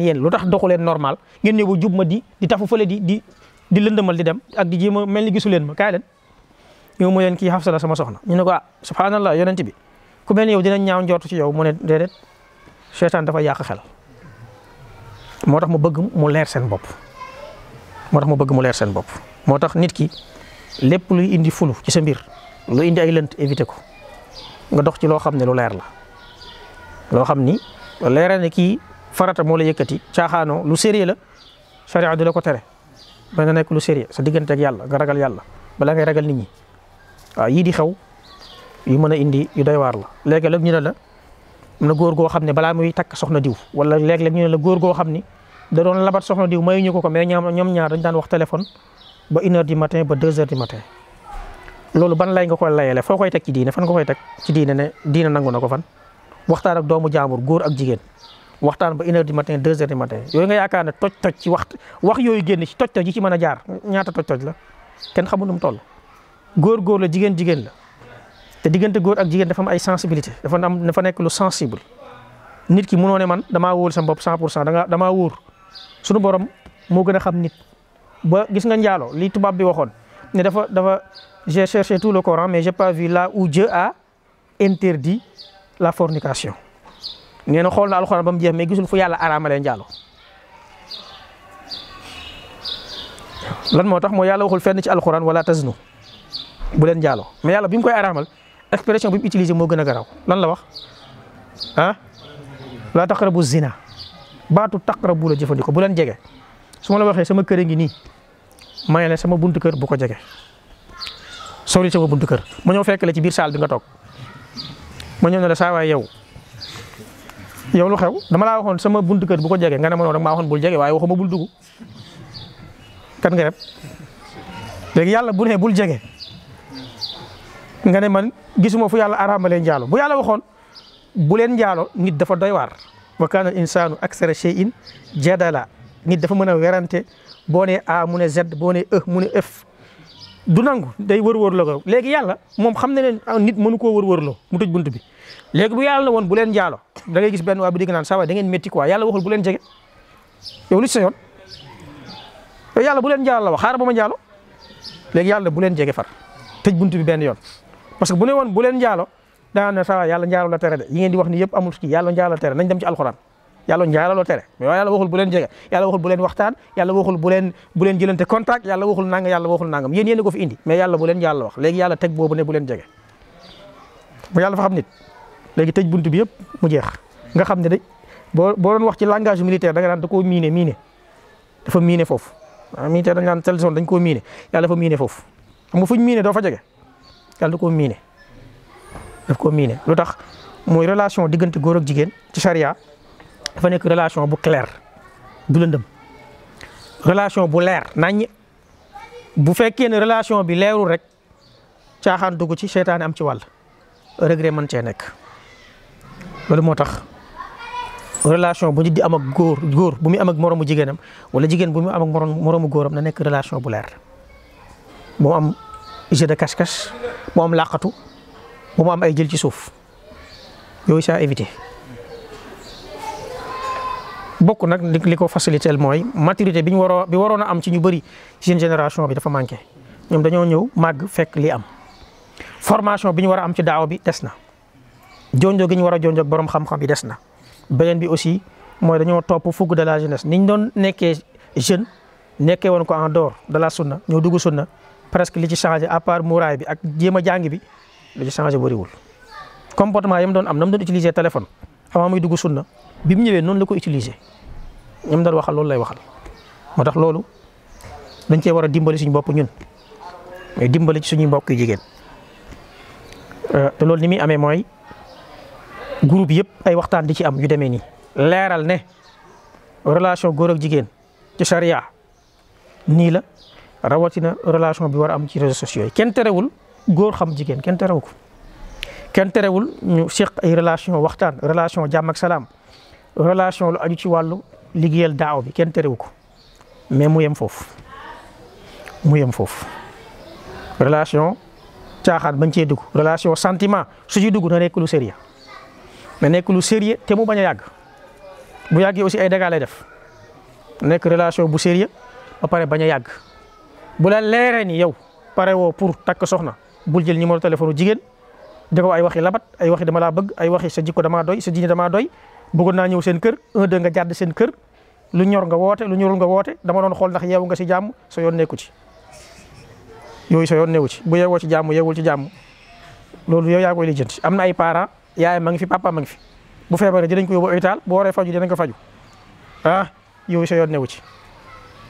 yéen lu tax doxu leen normal ngeen ñëw ba ma di di tafu fële di di di lëndëmal di dem ak di jéem a mel ni gisu leen ma kaay leen yow mu leen kii Xafsa la sama soxna ñu ne ko ah subhanallah yonent bi ku mel ni yow dina ñaaw njortu ci yow mu ne déedéet seetaan dafa yàq xel moo tax ma bëgg mu leer seen bopp moo tax mu bëgg mu leer seen bopp moo tax nit ki lépp luy indi fulu ci sa mbir lu indi ay lënt ko nga dox ci loo xam ne lu leer la loo xam ni leera ne kii farata moo la yëkkati caaxaanoo lu sérieux la charia du la ko tere ma nga nekk lu sérieux sa diggante yàlla nga ragal yàlla bala ngay ragal nit ñi waaw yii di xew yu mën a indi yu doy waar la léegi léeg ñu ne la am na góor goo xam ne balaa muy takk soxna diw wala léeg-léeg ñu ne la góor goo xam ni da doon labat soxna diw mayuñu ko ko mais ñoom ñaar dañ daan wax téléphone ba une heure du matin ba deux heures du matin loolu ban lay nga koy layele foo koy teg ci diine fan nga koy teg ci diine ne diine nangu na ko fan waxtaan ak doomu jaambur góor ak jigéen waxtaan ba une heure du matin deux heures du matin yooyu nga yaakaar ne toj-toj ci wax wax yooyu génn ci toj-toj yi ci mën a jaar ñaata toj-toj la kenn xamul nu mu toll góor góor la jigéen jigéen la te diggante góor ak jigéen dafa am ay sensibilité dafa am dafa nekk lu sensible nit ki mënoo man damaa wóor sa bopp 100 pour cent da nga sunu borom moo gën a xam nit ba gis nga njaalo li tubaab bi waxoon ne dafa dafa j'ai cherché tout le Coran mais j'ai pas vu là où a interdit la fornication nee xool na alxuraan ba mu jeex mais gisul fu yàlla araamalee njaalo lan moo tax moo yàlla waxul fenn ci alxuraan wala taznu bu leen njaalo mais yàlla bi mu koy araamal expression bi mu utilisé moo a garaw lan la wax ah la taqrabu zina baatu taqrabu a jëfandikoo bu leen jege su ma la waxee sama kër a ngi nii may la sama buntu kër bu ko jege sori sama buntu kër ma ñëw fekk la ci biir saal bi nga toog moo ñëw ne la saa waay yow yow lu xew dama laa waxoon sama buntu kër bu ko jege nga ne ma noonu rek maa waxoon bul jege waaye waxuma nga dem yàlla bu ne jege nga ne man gisuma fu yàlla araamalee njaalo bu yàlla waxoon bu leen njaalo nit dafa day waar. wa kaana insaanu aksara shay'in jadala nit dafa mën a werante boo ne A mu ne Z boo nee E mu ne F du nangu day wër-wër la ko léegi yàlla moom xam na ne nit mënu koo war wërloo mu tëj bunt bi léegi bu yàlla na woon bu leen jaalo da ngay gis benn waa di dégg naan saa waay da ngeen métti quoi yàlla waxul buleen leen jege sa yoon yow yàlla bu leen jaalo la wax jaalo léegi yàlla bu leen jege far tej bunt bi benn yoon parce que bu woon bu leen naa na sawa yàlla njaalo la tere de yi ngeen wax ni yëpp amul ci yàlla njaalo la tere nañ dem ci alxuraan yàlla njaalo la tere mais yàlla waxul bu leen jege yàlla waxul bu leen waxtaan yàlla waxul bu leen bu leen jëlante contact yàlla waxul nangam yàlla waxul nangam yéen yéen ko fi indi mais yàlla bu leen yàlla wax léegi teg boobu ne bu jege bu yàlla fa xam nit léegi tëj buntu bi yëpp mu jeex nga xam ne de boo boo doon da nga naan da koo miine miine dafa miine foofu ah militaire dañ daf ko miine lu tax mooy relation diggante góor ak jigéen ci charia dafa nekk relation bu clair bu lëndëm relation bu leer nañ bu fekkee ne relation bi leerul rek caaxaan dugg ci seytaane am ci wàll regret mën cee nekk loolu moo tax relation bu nit amag am ak góor góor bu mu am moroomu moromu jigéenam wala jigéen bu mu am ak morom góoram na nekk relation bu leer mu am jeu de cache-cache mu am laqatu bu mu am ay jël ci suuf yooyu saa éviter bokk nag li ko facilité mooy maturité bi ñu waroo bi waroon a am ci ñu bëri ci seen génération bi dafa manqué ñoom dañoo ñëw màgg fekk li am formation bi ñu war a am ci daaw bi des na jonjo gi ñu war a jonjo borom xam-xam bi des na beneen bi aussi mooy dañoo topp fougue de la jeunesse ni ñu doon nekkee jeune nekkee woon ko en dehors de la sunna ñoo dugg sunna presque li ci changé à part muraay bi ak jéem a jàng bi lu ci changé bëriwul comportement yam doon am nam da doon utiliser téléphone avant muy dugg sunna bi mu ñëwee noon la ko utiliser ñam doon waxal loolu lay waxal moo tax loolu dañ cee war a dimbali suñu bopp ñun mais dimbali ci suñu mbokk jigéen euh, te loolu ni muy amee mooy groupe yëpp ay waxtaan di ci am yu demee nii leeral ne relation góor ak jigéen ci charia nii la rawatina relation bi war a am ci réseaux sociaux yi kenn terewul. góor xam jigéen kenn terewu ko kenn terewul ñu seq ay relation waxtaan relation jàmm ak salaam relation lu aju ci wàllu liggéeyal daaw bi kenn terewu ko mais mu yem foofu mu yem foofu relation caaxaan bañ cee dugg relation sentiment su ci dugg na nekk lu sérieux na nekk lu sérieux te mu bañ a yàgg bu yàggee aussi ay dégâts def def nekk relation bu sérieux ba pare bañ a yàgg bu la leeree ni yow pare woo pour takk soxna. bul jël numéro téléphone jigéen di ko ay waxi labat ay waxi dama laa bëgg ay waxi sa jikko damaa doy sa diine damaa doy bëggoon naa ñëw seen kër un nga jàdd seen kër lu ñor nga woote lu ñorul nga woote dama doon xool ndax yeewu nga si jàmm sa yoon nekku ci yooyu sa yoon newu ci bu yeewoo ci jàmm yeewul ci jàmm loolu yow yaa koy lijjanti am na ay parents yaay ma ngi fi papa ma ngi fi bu feebaree dinañ ko yóbbu hôpital bu waree ko faju ah yooyu sa yoon newu ci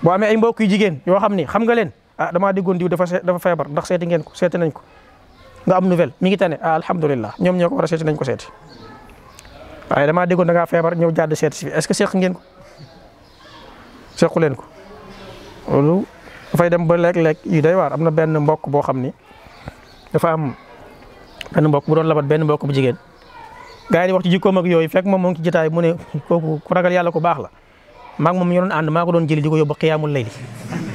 boo amee ay mbokk yu jigéen yoo xam ni xam nga leen ah damaa déggoon diw dafa dafa feebar ndax seeti ngeen ko seeti nañ ko nga am nouvelle mi ngi tane ah alhamdulilah ñoom ñoo ko war a seeti nañ ko seeti waaye damaa déggoon da ngaa feebar ñëw jàdd seeti si fi est ce que seq ngeen ko sequ leen ko loolu dafay dem ba léeg-léeg yu day waar am na benn mbokk boo xam ni dafa am benn mbokk bu doon labat benn mbokk bu jigéen gars yi wax ci jikkoom ak yooyu fekk ma moo ngi ci jotaay mu ne kooku ku ragal yàlla ku baax la maa ngi moom ñoroon doon ànd ko doon jëli di ko yóbbu xiyaamul layli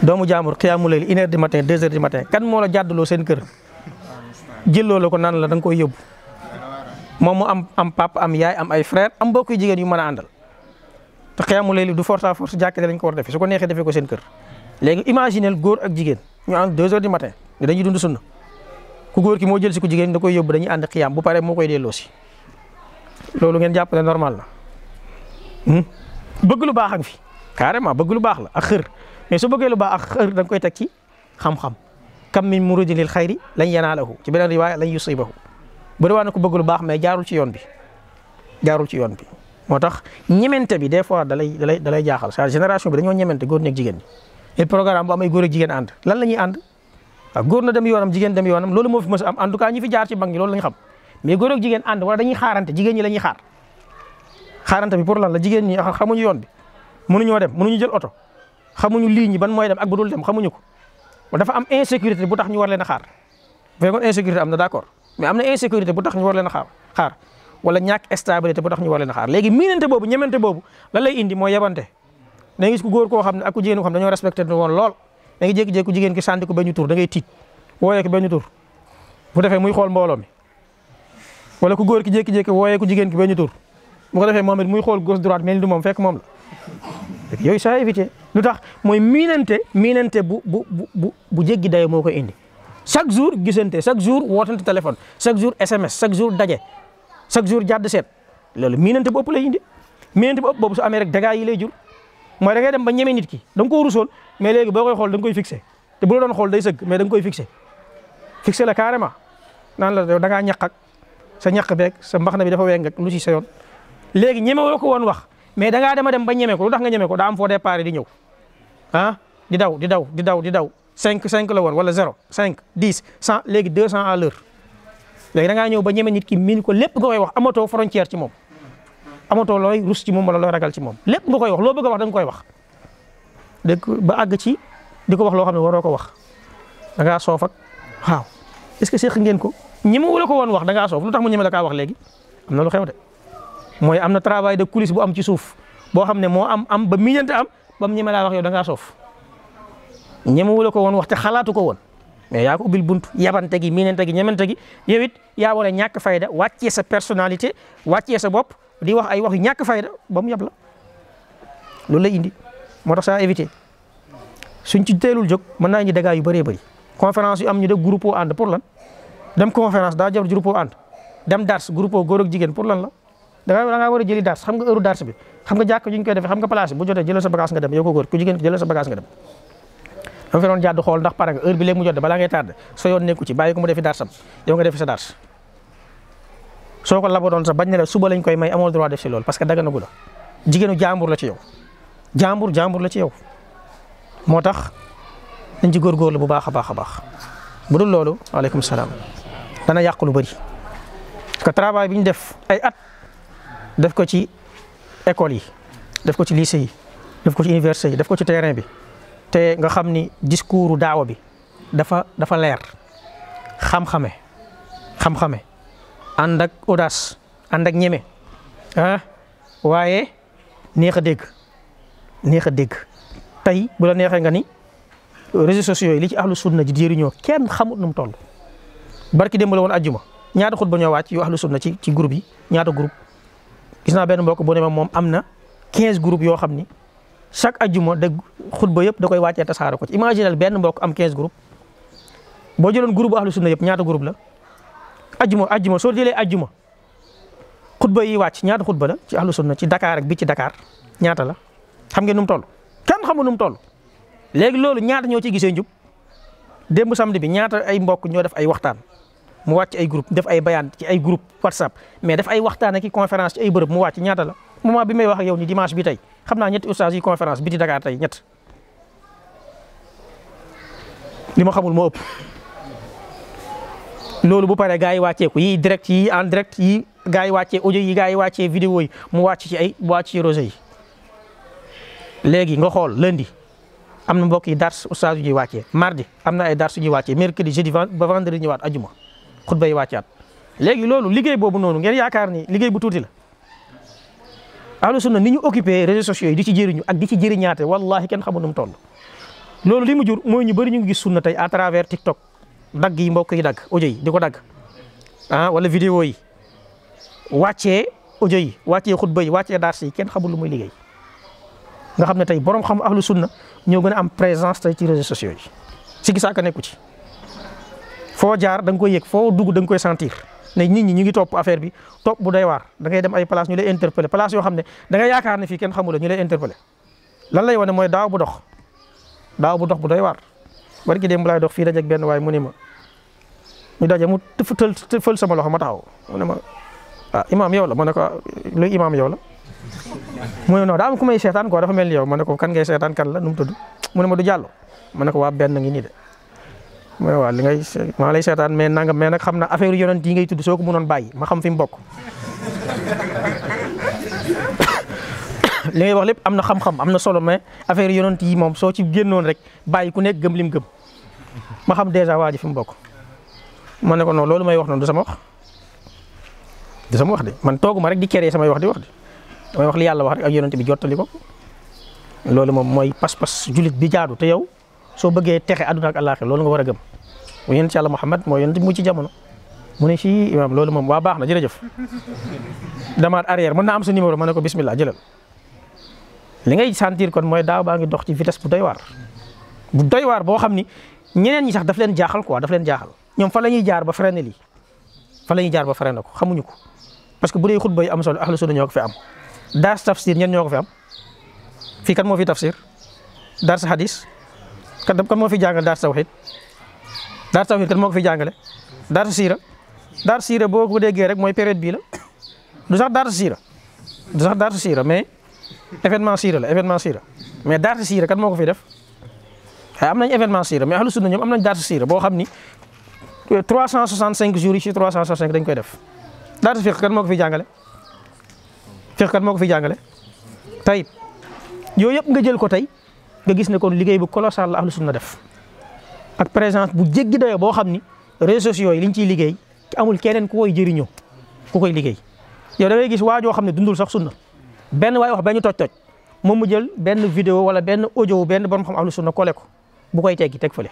doomu jaamur xiyaamu layl une heure du matin deux heures du matin kan moo la jàddaloo seen kër jëlloo la ko naan la da nga koy yóbbu moom mu am am pap am yaay am ay frère am mbokk jigéen yu mën a àndal te xiyaamu layl du force à force jàkkee lañ ko war a defee su ko neexee defee ko seen kër. léegi imaginel góor ak jigéen ñu ànd deux heures du matin ne dañuy dund sunna ku góor ki moo jël si ku jigéen da koy yóbbu dañuy ànd xiyaam bu paree moo koy delloo ngeen jàpp ne normal la hmm? bëgg lu baax ak fi carrément bëgg lu baax la ak xër mais su bëggee lu baax ak xër da nga koy teg ci xam-xam kam min muridi lil xayri lañ yanaalahu ci beneen riwaaya lañ yusibahu bëri waa na ko bëgg lu baax mais jaarul ci yoon bi jaarul ci yoon bi moo tax ñemente bi des fois dalay dalay dalay jaaxal sa génération bi dañoo ñemente góor ñeeg jigéen ñi et programme bu amay góor ak jigéen ànd lan la ñuy ànd na dem yoonam jigéen dem yoonam loolu moo am en tout cas ñi fi jaar ci mag ñi loolu la ñu xam mais góor ak jigéen ànd bi pour lan la jigéen ñi xamuñu yoon bi mënuñoo dem mënuñu jël oto xamuñu ligne yi ban mooy dem ak bu dul dem xamuñu ko dafa am insécurité bu tax ñu war leen a xaar bu fekkoon insécurité am na d' accord mais am na insécurité bu tax ñu war leen a xaar xaar wala ñàkk stabilité bu tax ñu war leen a xaar léegi miinante boobu ñemente boobu lan lay indi mooy yebante da ngay gis ku góor koo xam ne ak ku jigéen koo xam ne dañoo respecté woon lool da ngay jékki ku jigéen ki sànni ko benn tur da ngay tiit wooyee ko benn tur bu defee muy xool mbooloo mi wala ku góor ki jékki-jékki wooyee ku jigéen ki benn tur bu ko defee moom it muy xool gauche droite mel ni fekk moom fekk yooyu saa éviter lu tax mooy miinante miinante bu bu bu bu jéggi dayo moo koy indi chaque jour gisante chaque jour wootante téléphone chaque jour SMS chaque jour daje chaque jour jàdd seet loolu miinante bu ëpp lay indi miinante bu ëpp boobu su amee rek dégâts yi lay jur mooy da ngay dem ba ñeme nit ki da nga ko rusool mais léegi boo koy xool danga nga koy fixé te bu doon xool day sëgg mais da nga koy fixé fixé la carrément naan la da ngaa ñaq ak sa ñaq bek sa mbaxna bi dafa weng ak lu ci sa yoon léegi ñeme woo ko woon wax mais dangaa dema dem ba ñeme ko lu tax nga ñeme ko daa am foo départ di ñëw ah, di daw di daw di daw di daw cinq cinq la woon wala zéro cinq dix cent léegi deux cent à l'heure léegi dangaa ñëw ba ñeme nit ki miin ko lépp nga koy wax amatoo frontière ci moom amatoo looy rus ci moom wala looy ragal ci moom lépp nga koy wax loo bëgg a wax da nga koy wax dégg ba àgg ci di ko wax loo xam ne waroo ko wax da soof ak waaw est-ce que ngeen ko ñeme wala ko woon wax da ngaa soof lu tax mu ñeme la kaa wax léegi am na de mooy am na travail de coulisse boo am ci suuf boo xam ne moo am am ba miñante am ba mu ñeme laa wax yow da ngaa soof ñemewu la ko woon wax te xalaatu ko woon mais yaa ko ubbil bunt yabante gi miinante gi ñemente gi yow it yaa wala ñàkk fayda wàccee sa personnalité wàccee sa bopp di wax ay wax yu ñàkk fayda bam mu yab la loolu lay indi moo tax sa éviter suñ ci teelul jog mën naa indi dégâts yu bëree bëri conférence yu am ñu def groupe ànd pour lan dem conférence daa ja groupe ànd dem dars groupe góor ak jigéen pour lan la da ngaa a ngaa war a jëli dars xam nga heure dars bi nga koy defee xam nga place bi bu jotee jëlal sa bagage nga ko góor jigéen jëlal nga dem dama fi doon jàdd xool ndax pare ci bàyyi ko mu defi darsam yow soo ko labodoon sa bañ ne la suba lañ koy may amoo droit def si loolu parce que daganagu la jigéenu jàmbur la ci yow jàmbur jàmbur la ci yow moo tax nañ ci góorgóorlu bu baax a baax a baax bu dul loolu waaleykum salaam dana yàq lu bëri parce bi ñu def ay at def ko ci école yi def ko ci lycée yi def ko ci université yi def ko ci terrain bi te nga xam ni discours daawa bi dafa dafa leer xam-xame xam-xame ànd ak audace ànd ak ñeme ah waaye neexa a dégg neex dégg tey bu la neexee nga ni réseaux sociaux yi li ci ahlu sunna ji jëriñoo kenn xamut nu mu toll barki démb la woon ajjuma ñaata xutba ñoo wàcc yu ahlu sunna ci ci groupe yi ñaata groupe gis naa benn mbokk bu ne ma moom am na quinze groupes yoo xam ni chaque ajuma de xutba yëpp da koy wàccee tasaare ko ci imaginal benn mbokk am 15 groupes boo jëloon groupe bu ahlu sunna yëpp ñaata groupe la ajuma ajuma soo jëlee ajuma ba yi wàcc ñaata ba la ci ahlu sunna ci Dakar ak bi ci dakaar ñaata la xam ngeen nu mu toll kenn xamul nu mu toll léegi loolu ñaata ñoo ci gisee njub dem samedi bi ñaata ay mbokk ñoo def ay waxtaan mu wàcc ay groupe def ay bayaan ci ay groupe whatsapp mais def ay waxtaan ak i conférence ay bërëb mu wàcc ñaata la moment bi may wax ak yow ni dimanche bi tey xam naa ñetti oustaz yi conférence bi di Dakar tey ñett li ma xamul moo ëpp loolu bu pare gaa yi wàcceeku yi direct yi en yi yii gars yi wàccee audio yi gars yi wàccee vidéo yi mu wàcc ci ay wàcc ci réseau yi léegi nga xool lundi am na mbokk yi dars oustaz yu ñuy wàccee mardi am na ay dars yu ñuy wàccee mercredi jeudi ba vendredi ñëwaat ajuma xutba yi wàccaat léegi loolu liggéey boobu noonu ngeen yaakaar ni liggéey bu tuuti la ahlu sunna ni ñu occupé réseaux sociaux yi di ci jëriñu ak di ci jëriñaate wallahi kenn xamul nu mu toll loolu li mu jur mooy ñu bëri ñu ngi gis sunna tey à travers TikTok dagg yi mbokk yi dagg audio yi di ko dagg ah wala vidéo yi wàccee audio yi wàccee xutba yi wàccee dars yi kenn xamul lu muy liggéey nga xam ne tey borom xam ahlu sunna ñoo gën a am présence tey ci réseaux sociaux yi si gisaaka nekku ci foo jaar danga koy yëg foo dugg da koy sentir ne nit ñi ñu ngi topp affaire bi topp bu day waar da ngay dem ay place ñu lay interpellé place yoo xam ne da nga yaakaar ne fii kenn xamula ñu lay interpellé lan lay wane mooy daaw bu dox daaw bu dox bu doy waar barki dem laay dox fii dajeeg benn waay mu ne ma ñu daje mu tëf fël sama loxo ma taxaw mu ma ah imaam yow la ma ne ko ah, luy imaam yow la mu ne non daa ku may seetaan quoi dafa mel ni yow ma ne ko kan ngay seetaan kan la nu mu tudd mu ne ma du jàllo ma ne ko waa benn ngi nii de mooy waaw li ngay maa lay seetaan mais nangam mais na affaire yonent yi ngay tudd soo ko mënoon bàyyi ma xam fi mu bokk. li wax lépp am na xam am na solo mais affaire yonent yi moom soo ci génnoon rek bàyyi ku nekk gëm lim gëm ma xam dèjà waa ji fi mu bokk. ma ne loolu may wax noonu du sama wax du sama wax de man tooguma rek di kéré samay wax di wax de damay wax li yàlla wax rek ak yonent bi jottali ko loolu moom mooy pas-pas julit bi jaadu te yow soo bëggee texe àdduna ak àllaaxira loolu nga war a gëm. mooy yonent yàlla Muhammad mooy yonent mu ci jamono mu ne loolu moom waa baax na jërëjëf damaat arrière mën naa am sa numéro ma ne ko bismillah jëlal li ngay sentir kon mooy daaw baa ngi dox ci vitesse bu doy waar bu doy waar boo xam ni ñeneen ñi sax daf leen jaaxal quoi daf leen jaaxal ñoom fa la ñuy jaar ba freiné lii fa la ñuy jaar ba freiné ko xamuñu ko parce que bu dee xutba yi am solo ahlu sunna ñoo ko fi am daas tafsir ñen ñoo ko am fii kan moo fi tafsir daas hadis kan kan moo fi jàngal daas tawhid Daara Tawhid kat moo ko fi jàngale Daara Siira Daara Siira boo ko déggee rek mooy période bii la du sax Daara Siira du sax Daara Siira mais événement Siira la événement Siira mais Daara Siira kat moo ko fi def am nañ événement Siira mais ahlu na ñoom am nañ Daara Siira boo xam ni 365 euh, jours yi ci 365 dañ koy def Daara Fiq kat moo ko fi jàngale Fiq kat moo ko fi jàngale tayib yooyu yëpp nga jël ko tey nga gis ne kon liggéey bu colossal la ahlu sunna def. ak présence bu jéggi dayoo boo xam ni réseaux sociaux yi liñ ciy liggéey amul keneen ku koy jariño ku koy liggéey yow da ngay gis waa joo xam ne dundul sax sunna benn waaye wax benn toj-toj moom mu jël benn vidéo wala benn audio benn borom xam ahlu sunna kole ko bu koy teggi teg fële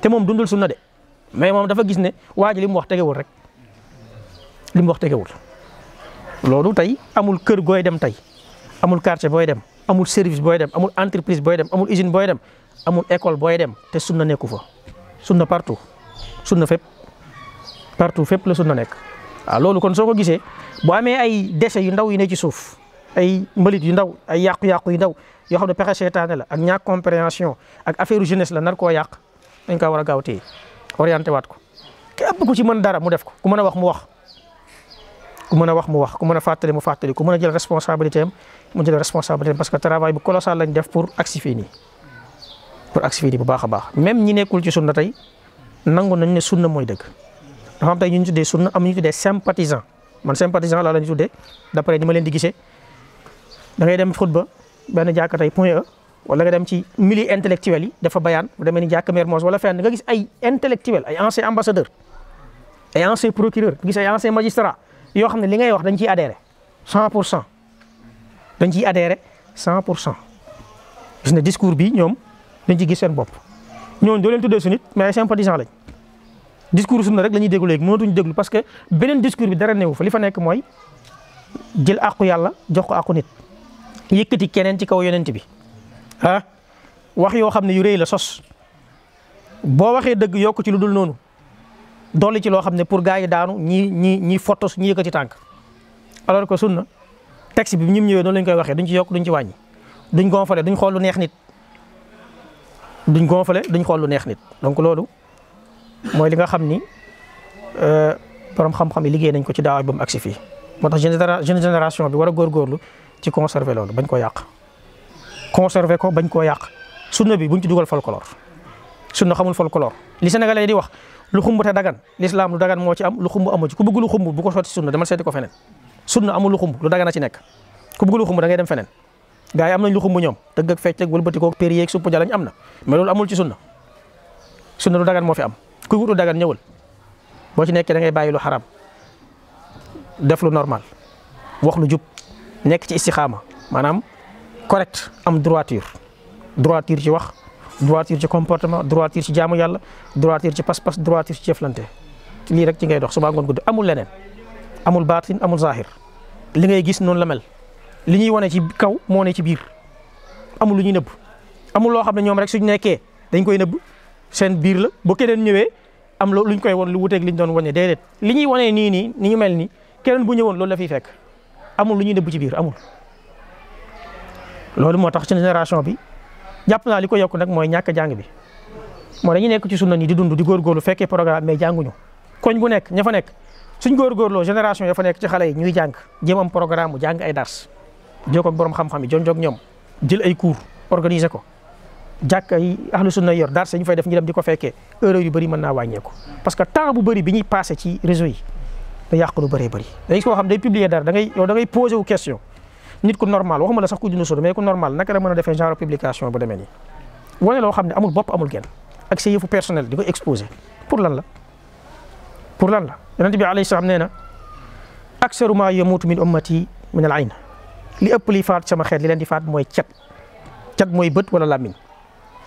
te moom dundul sunna de mais moom dafa gis ne waa ji li mu wax tegewul rek li mu wax tegewul loolu tey amul kër gooy dem tey amul quartier booy dem amul service booy dem amul entreprise booy dem amul usine booy dem amul école booy dem te sunna nekku fa na partout sunna fépp partout fépp la na nekk waaw ah, loolu kon soo ko gisee bu amee ay déchets yu ndaw yi ne ci suuf ay mbalit yu ndaw ay yàqu-yàqu yu ndaw yoo xam ne pexe seetaane la ak ñàkk compréhension ak affaire jeunesse la nar koo yàq dañ ko war a gaaw téye orienté waat ko ku ci mën dara mu def ko ku mën a wax mu wax ku mën a wax mu wax ku mën a fàttali mu fàttali ku mën a jël responsabilité am mu jël responsabilité am parce que travail bu colossal lañ def pour agsi fii nii pour agsi bu baax a baax même ñi nekkul ci sunna tey nangu nañ ne sunna mooy dëgg dafa am tey ñu ñu tuddee sunna am ñu tuddee sympathisant man a laa la ñu tuddee d'après ni ma leen di gise da ngay dem xutba benn jàkka tey point e, wala nga dem ci milieu intellectuel yi dafa bayaan bu demee ni jàkka Mermoz wala fenn nga gis ay intellectuel ay ancien ambassadeur ay ancien procureur gis ay ancien magistrat yoo xam ne li ngay wax dañ ciy adhéré cent pour cent dañ ciy adhéré cent pour cent gis ne discours bi ñoom dañ ci gis seen bopp ñooñu doo leen tuddee sunnit mais ay sympathisant lañ discours sunna rek la ñuy moo léegi mënatuñ déglu parce que beneen discours bi dara newu fa li fa nekk mooy jël àqu yàlla jox ko àqu nit yëkkati keneen ci kaw yonent bi ah wax yoo xam ne yu rëy la sos boo waxee dëgg yokk ci lu dul noonu dolli ci loo xam ne pour gaa yi daanu ñi ñi ñi fotos ñi yëkkati tànk alors que sunna texte bi ñim ñëwee noonu lañ koy waxee duñ ci yokk duñ ci wàññi duñ gonfale duñ gonfale duñ xool lu neex nit donc loolu mooy li nga xam ni euh, borom xam-xam yi liggéey nañ ko ci daawaay ba mu agsi fii moo tax jeune génération bi wara a góorgóorlu ci conservé loolu bañ ko yàq conserver ko bañ koo yàq sunna bi buñ ci dugal folklore sunna xamul folklore li sénégalais di wax lu xumb te dagan l'islam lu dagan moo ci am lu xumb amu ci ku bëgg lu xumb bu ko sotti sunna dama seeti ko feneen sunna amul lu xumb lu dagan a ci nekk ku bëgg lu da ngay dem feneen gaa yi am nañ lu xumb ñoom tëgg ak fecc ak wëlbati koog péri jalañ am na mais loolu amul ci sunna sunna lu dagan moo fi am kuy wut lu dagan ñëwal boo ci nekkee da ngay bàyyi lu xaraam def lu normal wax lu jub nekk ci istixaama maanaam correct am droiture droiture ci wax droiture ci comportement droiture ci jaamu yàlla droiture ci pas-pas droiture ci lante lii rek ci ngay dox suba ngoon gudd amul leneen amul baatin amul zahir li ngay gis noonu la mel. li ñuy wane ci kaw moo ne ci biir amul lu ñuy nëbb amul loo xam ne ñoom rek suñ nekkee dañ koy nëbb seen biir la bu keneen ñëwee am lu luñ koy won lu wuteeg liñ doon wane déedéet li ñuy wane nii nii ni ñu mel nii keneen bu ñëwoon loolu la fiy fekk amul lu ñuy nëbb ci biir amul. loolu moo tax ci génération bi jàpp naa li ko yokk nag mooy ñàkk jàng bi moo dañu nekk ci sunna ni di dund di góorgóorlu fekkee programme mais jànguñu koñ gu nekk ña fa nekk suñ góorgóorloo génération ya fa nekk ci xale yi ñuy jàng jéem am programme mu jàng ay dars jokkoo ak borom xam-xam yi jonjoog ñoom jël ay cours organiser ko jàkka yi ahlu sunna yor daar ñu fay def ñu dem di ko fekkee heure yu bëri mën naa wàññeeku parce que temps bu bëri bi ñuy passé ci réseau yi da yàq lu bëree bëri day koo xam day publier dara da ngay yow da ngay posé wu question nit ku normal waxuma la sax ku dund sud mais ku normal naka la mën a defee genre publication bu demee nii wane loo xam ne amul bopp amul genn ak sa yëfu personnel di ko exposé pour lan la pour lan la yonent bi alayhi salaam nee na aksaru ma yamuutu min ummati min al ayn li ëpp liy faat sama xeet li leen di faat mooy cat cat mooy bët wala làmmiñ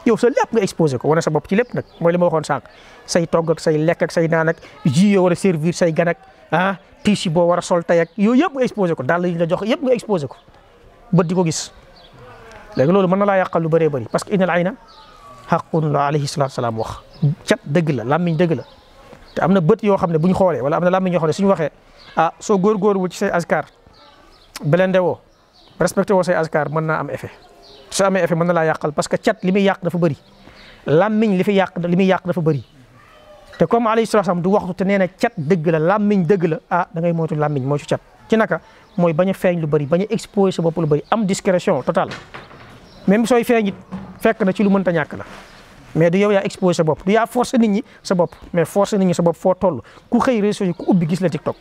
yow sa lépp nga exposé ko wane sa bopp ci lépp nag mooy li ma waxoon sànq say togg ak say lekk ak say naan ak ji yoo servir say gan ah tiisi boo war a sol tay ak yooyu yëpp nga exposé ko dàll yi la jox yëpp nga exposé ko bët di ko gis léegi loolu mën na laa yàqal lu bëree bëri parce que innal ayna xaqun la alayhi salaatu salaam wax cat dëgg la làmmiñ dëgg la te am na bët yoo xam ne bu ñu xoolee wala am na làmmiñ yoo xam ne suñu waxee ah soo góorgóorlu ci say askar beleen de woo respecté woo say askar mën naa am effet su amee effet mën na laa yàqal parce que cat li muy yàq dafa bëri làmmiñ li fi yàq li muy yàq dafa bëri te comme alayhi salaatu salaam du waxtu te nee na cat dëgg la làmmiñ dëgg la ah da ngay moytu làmmiñ mooy ci cat ci naka mooy baña a feeñ lu bëri bañ a exposé sa bopp lu bëri am discrétion totale même sooy feeñ it fekk na ci lu mën ta ñàkk na mais du yow yaa exposé sa bopp du yaa forcé nit ñi sa bopp mais forcé nit ñi sa bopp foo toll ku xëy réseau yi ku ubbi gis la TikTok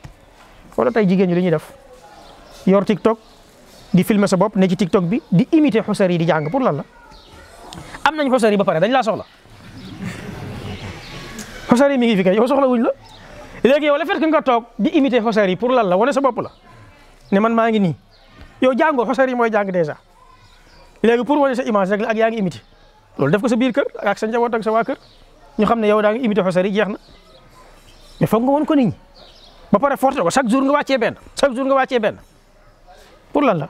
wala tey jigéen ñi li ñuy def yor di filmer sa bopp ne ci TikTok bi di imiter xusar yi di jàng pour lan la am nañ xusar yi ba pare dañ la soxla xusar yi mi ngi fi kay yow soxla wuñ la léegi yow le fet que nga toog di imiter xusar yi pour lan la wane sa bopp la ne man maa ngi nii yow jàngoo xusar yi mooy jàng dèjà léegi pour wane sa image rek la ak yaa ngi imiter loolu def ko sa biir kër ak sa njaboot ak sa waa kër ñu xam ne yow daa ngi imiter xusar yi jeex na mais foog nga won ko nit ba pare forte ko chaque jour nga wàccee benn jour nga wàccee benn pour lan la.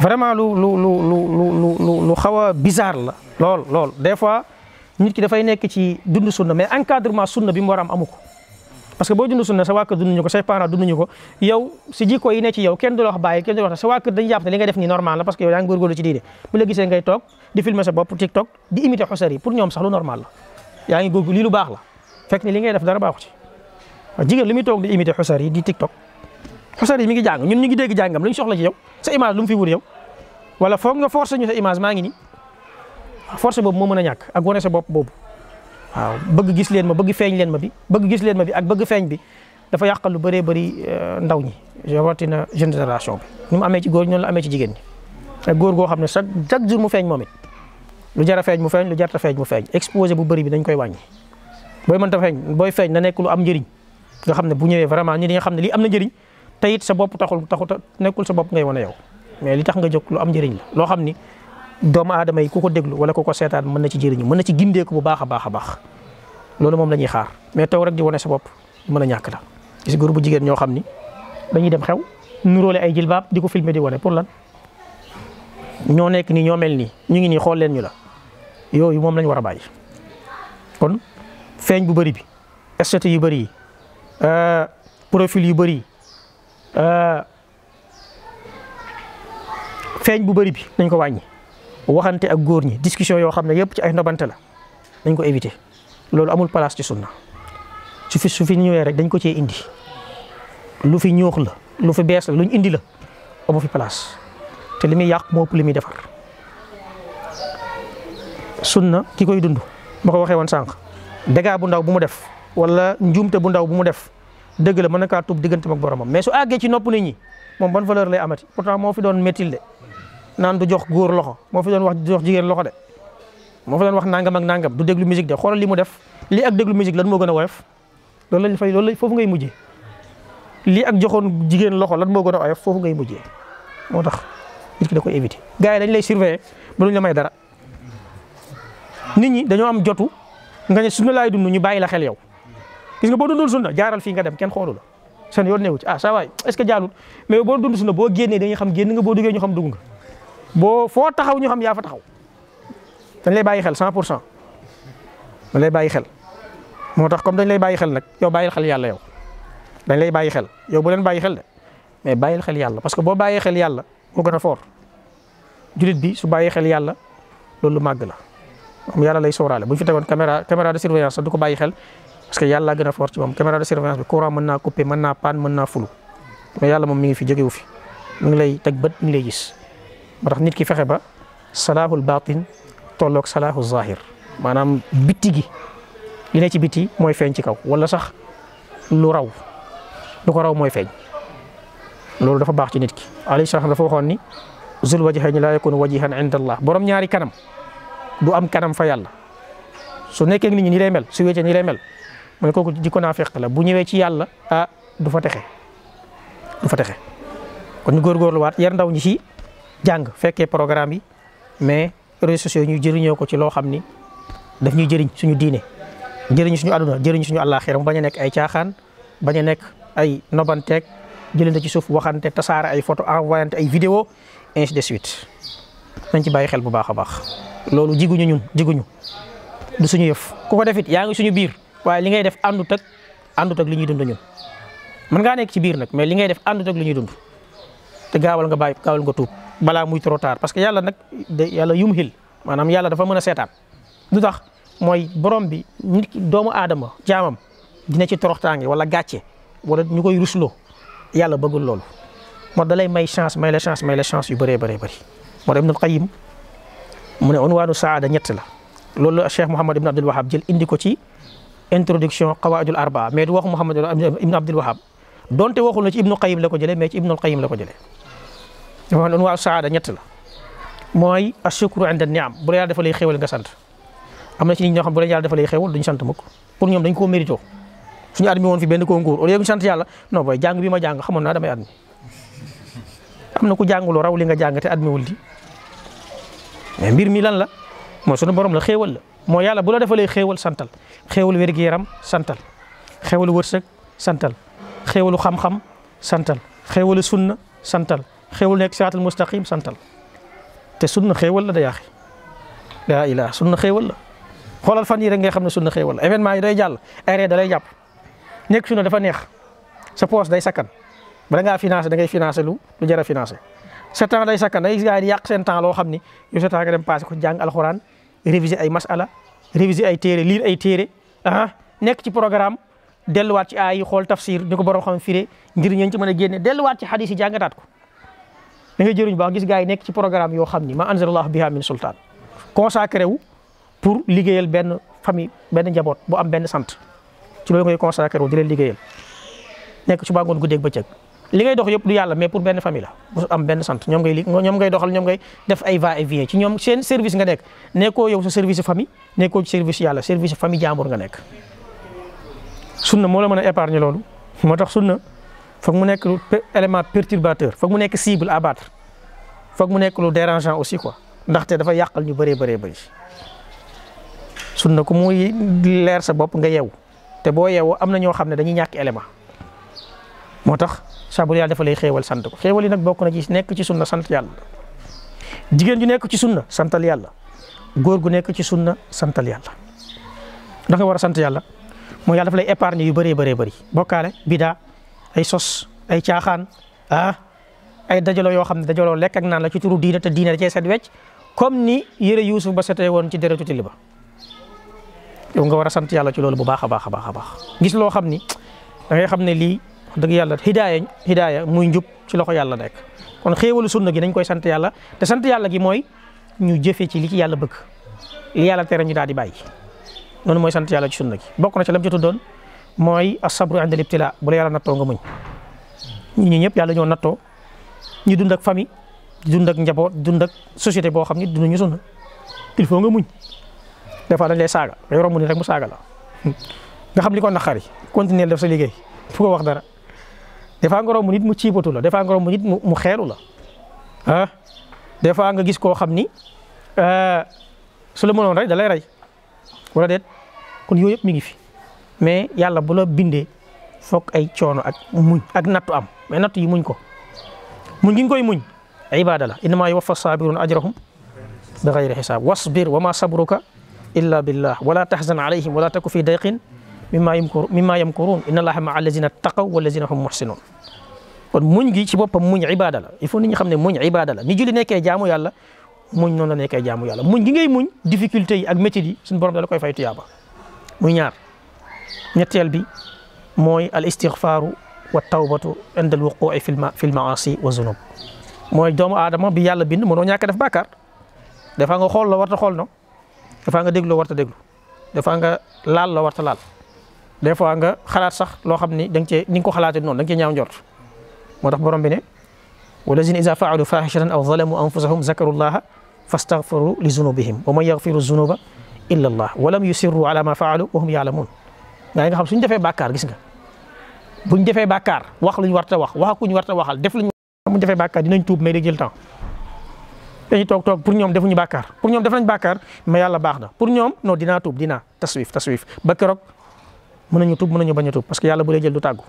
vraiment lu lu lu lu lu lu lu xaw a bizarre la lool lool des fois nit ki dafay nekk ci dund sunna mais encadrement sunna bi mu war am amu ko parce que boo dund sunna sa waa kër dunduñu ko say parents dunduñu ko yow si jikko yi ne ci yow kenn du la wax bàyyi kenn du la wax sa waa kër dañu jàpp ne li nga def nii normal la parce que yow yaa ngi góorgóorlu ci diine bu la gisee ngay toog di filmer sa bopp TikTok di imiter xusar yi pour ñoom sax lu normal la yaa ngi góorgóorlu lii lu baax la fekk ne li ngay def dara baaxu ci jigéen li muy toog di imiter xusar yi di TikTok xusar yi mi ngi jàng ñun ñu ngi dégg jàngam lu ñu soxla ci yow sa image lu mu fi wut yow wala foog nga forcé ñu sa image maa ngi nii forcé boobu moo mën a ñàkk ak wane sa bopp boobu waaw bëgg gis leen ma bëgg feeñ leen ma bi bëgg gis leen ma bi ak bëgg feeñ bi dafa yàqal lu bëree bëri euh, ndaw ñi rawatina jeune génération bi ni mu amee ci góor ñi amee ci jigéen ñi góor goo xam ne chaque chaque jour mu feeñ moom lu jar a feeñ mu feeñ lu jarta mu feeñ exposé bu bëri bi dañ koy wàññi booy mën ta feeñ booy feeñ na nekk lu am njëriñ nga xam ne bu ñëwee vraiment ñi di nga xam ne lii am na njëriñ te it sa bopp taxul taxul nekkul sa bopp ngay wane yow mais li tax nga jóg lu am njëriñ la loo xam ni doom aadama yi ku ko déglu wala ku ko seetaan mën na ci jëriñu mën na ci gindeeku bu baax a baax a baax loolu moom la ñuy xaar mais taw rek di wone sa bopp mën na ñàkk la gis góor bu jigéen ñoo xam ni dañuy dem xew nuróole ay jilbaab di ko filmer di wane pour lan ñoo nekk nii ñoo mel nii ñu ngi nii xool leen ñu la yooyu moom lañ war a bàyyi kon feeñ bu bëri bi esthétique yu bëri yi euh, profil yu bëri Euh, feeñ bu bari bi dañ ko wàññi waxante ak góor ñi discussion yoo xam ne yëpp ci ay ndobante la dañ ko éviter loolu amul place ci sunna su fi su fi ñëwee rek dañ ko cee indi lu fi ñoox la lu fi bees la luñ indi la amu fi place te li muy yàq moo ëpp li muy defar sunna ki koy dund ma ko waxee woon sànq dégât bu ndaw bu mu def walla njuumte bu ndaw bu mu def dëgg la mën na kaa tuub diggante ak boromam mais su àggee ci nopp nit ñi moom ban valeur lay amati pourtant moo fi doon méttil de naan du jox góor loxo moo fi doon wax du jox jigéen loxo de moo fi doon wax nangam ak nangam du déglu musique de xoolal li mu def lii ak déglu musique lan moo gën a woyof loolu lañ fay loolu foofu ngay mujjee lii ak joxoon jigéen loxo lan moo gën a woyof foofu ngay mujjee moo tax nit ki da koy éviter gars yi dañ lay surveiller ba duñ la may dara nit ñi dañoo am jotu nga ne suñu laay dund ñu bàyyi la xel yow gis nga boo dundul sunna jaaral fii nga dem kenn xoolu la seen yoon newu ci ah saa waay est-ce que jaalul mais boo dund sunna boo génnee dañuy xam génn nga boo duggee ñu xam dugg nga boo foo taxaw ñu xam yaa fa taxaw dañ lay bàyyi xel 100 pour cent dañ lay bàyyi xel moo tax comme dañ lay bàyyi xel nag yow bàyyil xel yàlla yow dañ lay bàyyi xel yow bu leen bàyyi xel de mais bàyyil xel yàlla parce que boo bàyyee xel yàlla moo gën a fort julit bi su bàyyee xel yàlla loolu lu màgg la moom yàlla lay sóoraale bu ñu fi tegoon caméra caméra de surveillance du ko bàyyi xel parce que yàlla gën a fort moom caméra de surveillance bi courant mën naa coupé mën naa paan mën naa fulu mais yàlla moom mi ngi fi jógewu fi mi ngi lay teg bët mi ngi lay tax nit ki fexe ba salaahul baatin tolloog salaahu zahir maanaam biti gi li ne ci bitti mooy feeñ ci kaw wala sax lu raw lu ko raw mooy feeñ loolu dafa baax ci nit ki sa salaam dafa waxoon ni zul wajhayni laa yakunu wajihan inda allah borom ñaari kanam du am kanam fa yàlla su nekkee nit ñi mooy kooku jikko naa feq la bu ñëwee ci yàlla a ah, du fa texe du fa texe kon ñu góorgóorluwaat yar ndaw ñi ci jàng fekkee programme yi mais réseaux sociaux ñu jëriñoo ko ci loo xam ni daf ñuy jëriñ suñu diine jëriñ suñu àdduna jëriñ suñu àllaaxira mu bañ a nekk ay caaxaan baña nekk ay nobanteeg jëlante ci suuf waxante tasaare ay photo envoyante ay vidéo ainsi de suite nañ ci bàyyi xel bu baax a baax loolu jiguñu ñun jiguñu du suñu yëf ku ko defit yaa ngi suñu biir waaye li ngay def àndut ak àndut ak li ñuy dund ñun mën ngaa nekk ci biir nag mais li ngay def àndut ak li ñuy dund te gaawal nga bàyyi gaawal nga tuub balaa muy trop parce que yàlla nag de yàlla yumhil maanaam yàlla dafa mën a seetaan lu tax mooy borom bi doomu aadama jaamam dina ci toroxtaange wala gàcce wala ñu koy rusloo yàlla bëggul loolu moo da lay may chance may la chance mai la chance yu bëree bëree bëri moo tax Ibnul Qayyim mu ne unwaanu saada ñett la loolu la Cheikh Mouhamad Ibn Abdul Wahab jël indi ko ci introduction qawaidul arbaa mais du waxu Muhammad ibn Abdul Wahab donte waxul na ci ibnu Qayyim la ko jëlee mais ci ibnu Qayyim la ko jëlee dafa wax ne ñett la mooy ashukru inda niam bu la yàlla dafa lay xéwal nga sant am na ci nit ñoo xam bu la yàlla lay xéwal duñ sant mukk pour ñoom dañ koo mérito suñu admis woon fi benn concours au lieu ñu sant yàlla non booy jàng bi ma jàng xamoon naa damay admis am na ku jànguloo raw li nga jàng te admis wul di mbir mi lan la moo sunu borom la xéwal la. moo yàlla bu la defalee xéewal santal xéewalu wér yaram santal xéewalu wërsëg santal xéewalu xam-xam santal xéewalu sunna santal xéewalu nekk siraatal mustaqim santal te sunna xéewal la da yaaxi laa ilaa sunna xéewal la xoolal fan yii rek ngay xam ne sunna xéewal la événement yi day jàll ay ree da lay jàpp nekk sunna dafa neex sa day sakkan bala ngaa financé da ngay financé lu lu jar a financé sa temps day sakkan day gars yi di yàq seen temps loo xam ni yow sa temps nga ko jàng réviser ay masala réviser ay téere lire ay téere ah nekk ci programme delluwaat ci aay yi xool tafsir ni ko borom xam firé ngir ñeen ci mën a génne delluwaat ci xadis yi jàngataat ko da nga jëriñ baax gis gars yi nekk ci programme yoo xam ni ma anzalallahu biha min sultaan consacré wu pour liggéeyal benn famille benn njaboot boo am benn sant ci loolu ngay consacré wu di leen liggéeyal nekk suba ngoon ba bëccëg li ngay dox yëpp du yàlla mais pour benn famille am benn sant ñoom ngay li ñoom ngay doxal ñoom ngay def ay va et vient ci ñoom seen service nga nekk nekkoo yow sa service famille nekkoo ci service yàlla service famille jàmbur nga nekk. sunna moo la mën a épargner loolu moo tax sunna foog mu nekk lu élément perturbateur foog mu nekk cible à battre mu nekk lu dérangeant aussi quoi ndaxte dafa yàqal ñu bëree bëree bëri sunna ku muy leer sa bopp nga yew te boo yeewoo am na ñoo xam ne dañuy ñàkk élément moo tax saa bu yàlla dafa lay xéewal sant ko xéewal yi nag bokk na ci nekk ci sunna sant yàlla jigéen santal yàlla góor gu nekk ci sunna santal yàlla da nga war a sant yàlla mooy yàlla dafa lay épargne yu bëree bëree bëri bokkaale bida ay sos ay caaxaan ah ay dajaloo yoo xam ne dajaloo lekk ak la ci turu diina te diina da cee set wecc comme ni yëre Yuusuf ba setee woon ci deretu till ba yow nga war sant yàlla ci loolu bu baax a baax a a baax lii wax dëgg yàlla hidaaya hidaaya muy njub ci loxo yàlla nekk kon xéewalu sunna gi dañ koy sant yàlla te sant yàlla gi mooy ñu jëfe ci li ci yàlla bëgg li yàlla tere ñu daal di bàyyi noonu mooy sant yàlla ci sunna gi bokk na ci lam ci tuddoon mooy asabru indal ibtila bu la yàlla nattoo nga muñ ñi ñi ñëpp yàlla ñoo nattoo ñu dund ak famille dund ak njaboot dund ak société boo xam ne dund ñu sunna il faut nga muñ des fois dañ lay saaga nga rek mu saaga la nga xam li ko naqari continuer def sa liggéey fu wax dara des fois nga romb nit mu ciibatu la des fois nga romb nit mu xeelu la ah fois nga gis koo xam ni euh, su la mënoon rey da rey wala déet kon yooyu yëpp mi ngi fi mais yàlla bu bindee foog ay coono ak muñ ak nattu am mais nattu yi muñ ko muñ gi nga koy muñ ibada la innama yuwaffa sabirun ajrahum bi xayri xisaab wasbir wa ma sabruka illa billah wala tahzan alayhim wala taku fi dayqin ma yamkur mimma yamkurun inna allaha ma'a allazina taqaw wallazina hum muhsinun kon muñ gi ci boppam muñ ibada la il faut nit ñi xam ne muñ ibada la ni julli nekkee jaamu yàlla muñ noon la nekkee jaamu yàlla muñ gi ngay muñ difficulté yi ak métier yi suñu borom da la koy fay tuyaaba muy ñaar ñetteel bi mooy al istighfaru wa tawbatu inda al wuqu'i fil ma fil maasi zunub mooy doomu aadama bi yàlla bind mënoo ñàkk def bàkkaar dafa nga xool la warta xool no dafa nga déglu warta déglu dafa nga laal la warta laal des fois nga xalaat sax loo xam ni da nga cee ni nga ko xalaatee noonu da nga cee ñaaw njort moo tax borom bi ne walazina ida faalu fahishatan aw zalamu anfusahum zakaru llaha fastaghfaru li zunubihim wa man yaghfiru zunuba illa allah walam yusirru ala ma faalu wa hum yaalamun nga xam suñ defee bàkkaar gis nga buñ defee bàkkaar wax luñ warta wax wax kuñ warta waxal def luñ buñ defee bàkkaar dinañ tuub mais day jël temps dañuy toog toog pour ñoom defuñu bàkkaar pour ñoom def nañ bàkkaar mais yàlla baax na pour ñoom non dinaa tuub dinaa taswif taswif ba keroog mën nañu tub mun nañu bañ a tub parce que yàlla bu dee jël du tàggu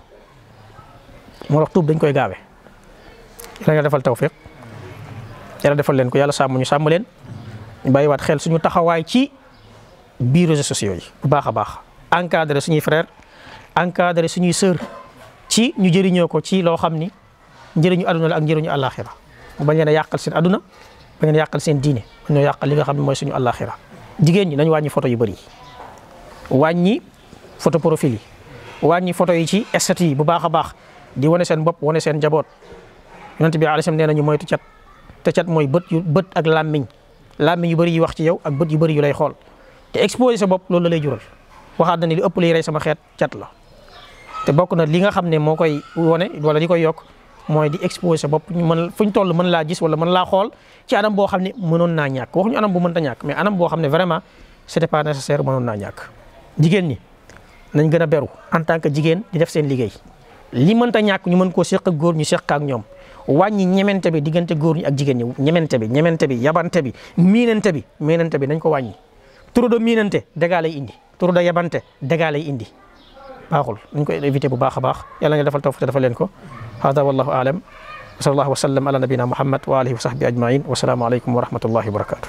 moo tax tub dañ koy gaawe yàlla yàlla defal tawfiq yàlla defal leen ko yàlla sàmm ñu sàmm leen ñu bàyyi waat xel suñu taxawaay ci biir réseaux sociaux yi bu baax a baax su ñuy frère encadré suñuy sœur ci ñu jëriñoo ko ci loo xam ni njëriñu aduna la ak njëriñu àllaaxira mu bañ leen a yàqal seen adduna bañ leen a yàqal seen diine bañ leen yàqal li nga xam ne mooy suñu àllaaxira jigéen ñi nañ wàññi photo yu bëri photo profil yi wàññi photo yi ci statut yi bu baax a baax di wane seen bopp wane seen njaboot yonent bi alayhi salaam nee na ñu moytu cat te mooy bët yu bët ak làmmiñ làmmiñ yu bëri yu wax ci yow ak bët yu bëri yu lay xool te exposé sa bopp loolu la lay jural waxaat na ne li ëpp lay rey sama xeet cat la te bokk na li nga xam ne moo koy wane wala li koy yokk mooy di exposé sa bopp ñu mën fuñ toll mën laa gis wala man laa xool ci anam boo xam ne mënoon naa ñàkk waxuñu anam bu mënta ñàkk mais anam boo xam ne vraiment c'était pas nécessaire mënoon naa ñàkk jigéen ñi nañ gën a beru en tant que jigéen di def seen liggéey li mënta ñàkk ñu mën koo seq góor ñu seq ak ñoom wàññi ñemente bi diggante góor ñi ak jigéen ñi ñemente bi ñemente bi yabante bi miinante bi miinante bi nañ ko wàññi trop de miinante dégâts lay indi trop de yabante dégâts lay indi baaxul nañ koy éviter bu baax a baax yàlla nga defal tawfiq dafa leen ko hada wallahu aalam wa sallallahu wa ala nabina muhammad wa alihi wa sahbi ajmain wa salaamu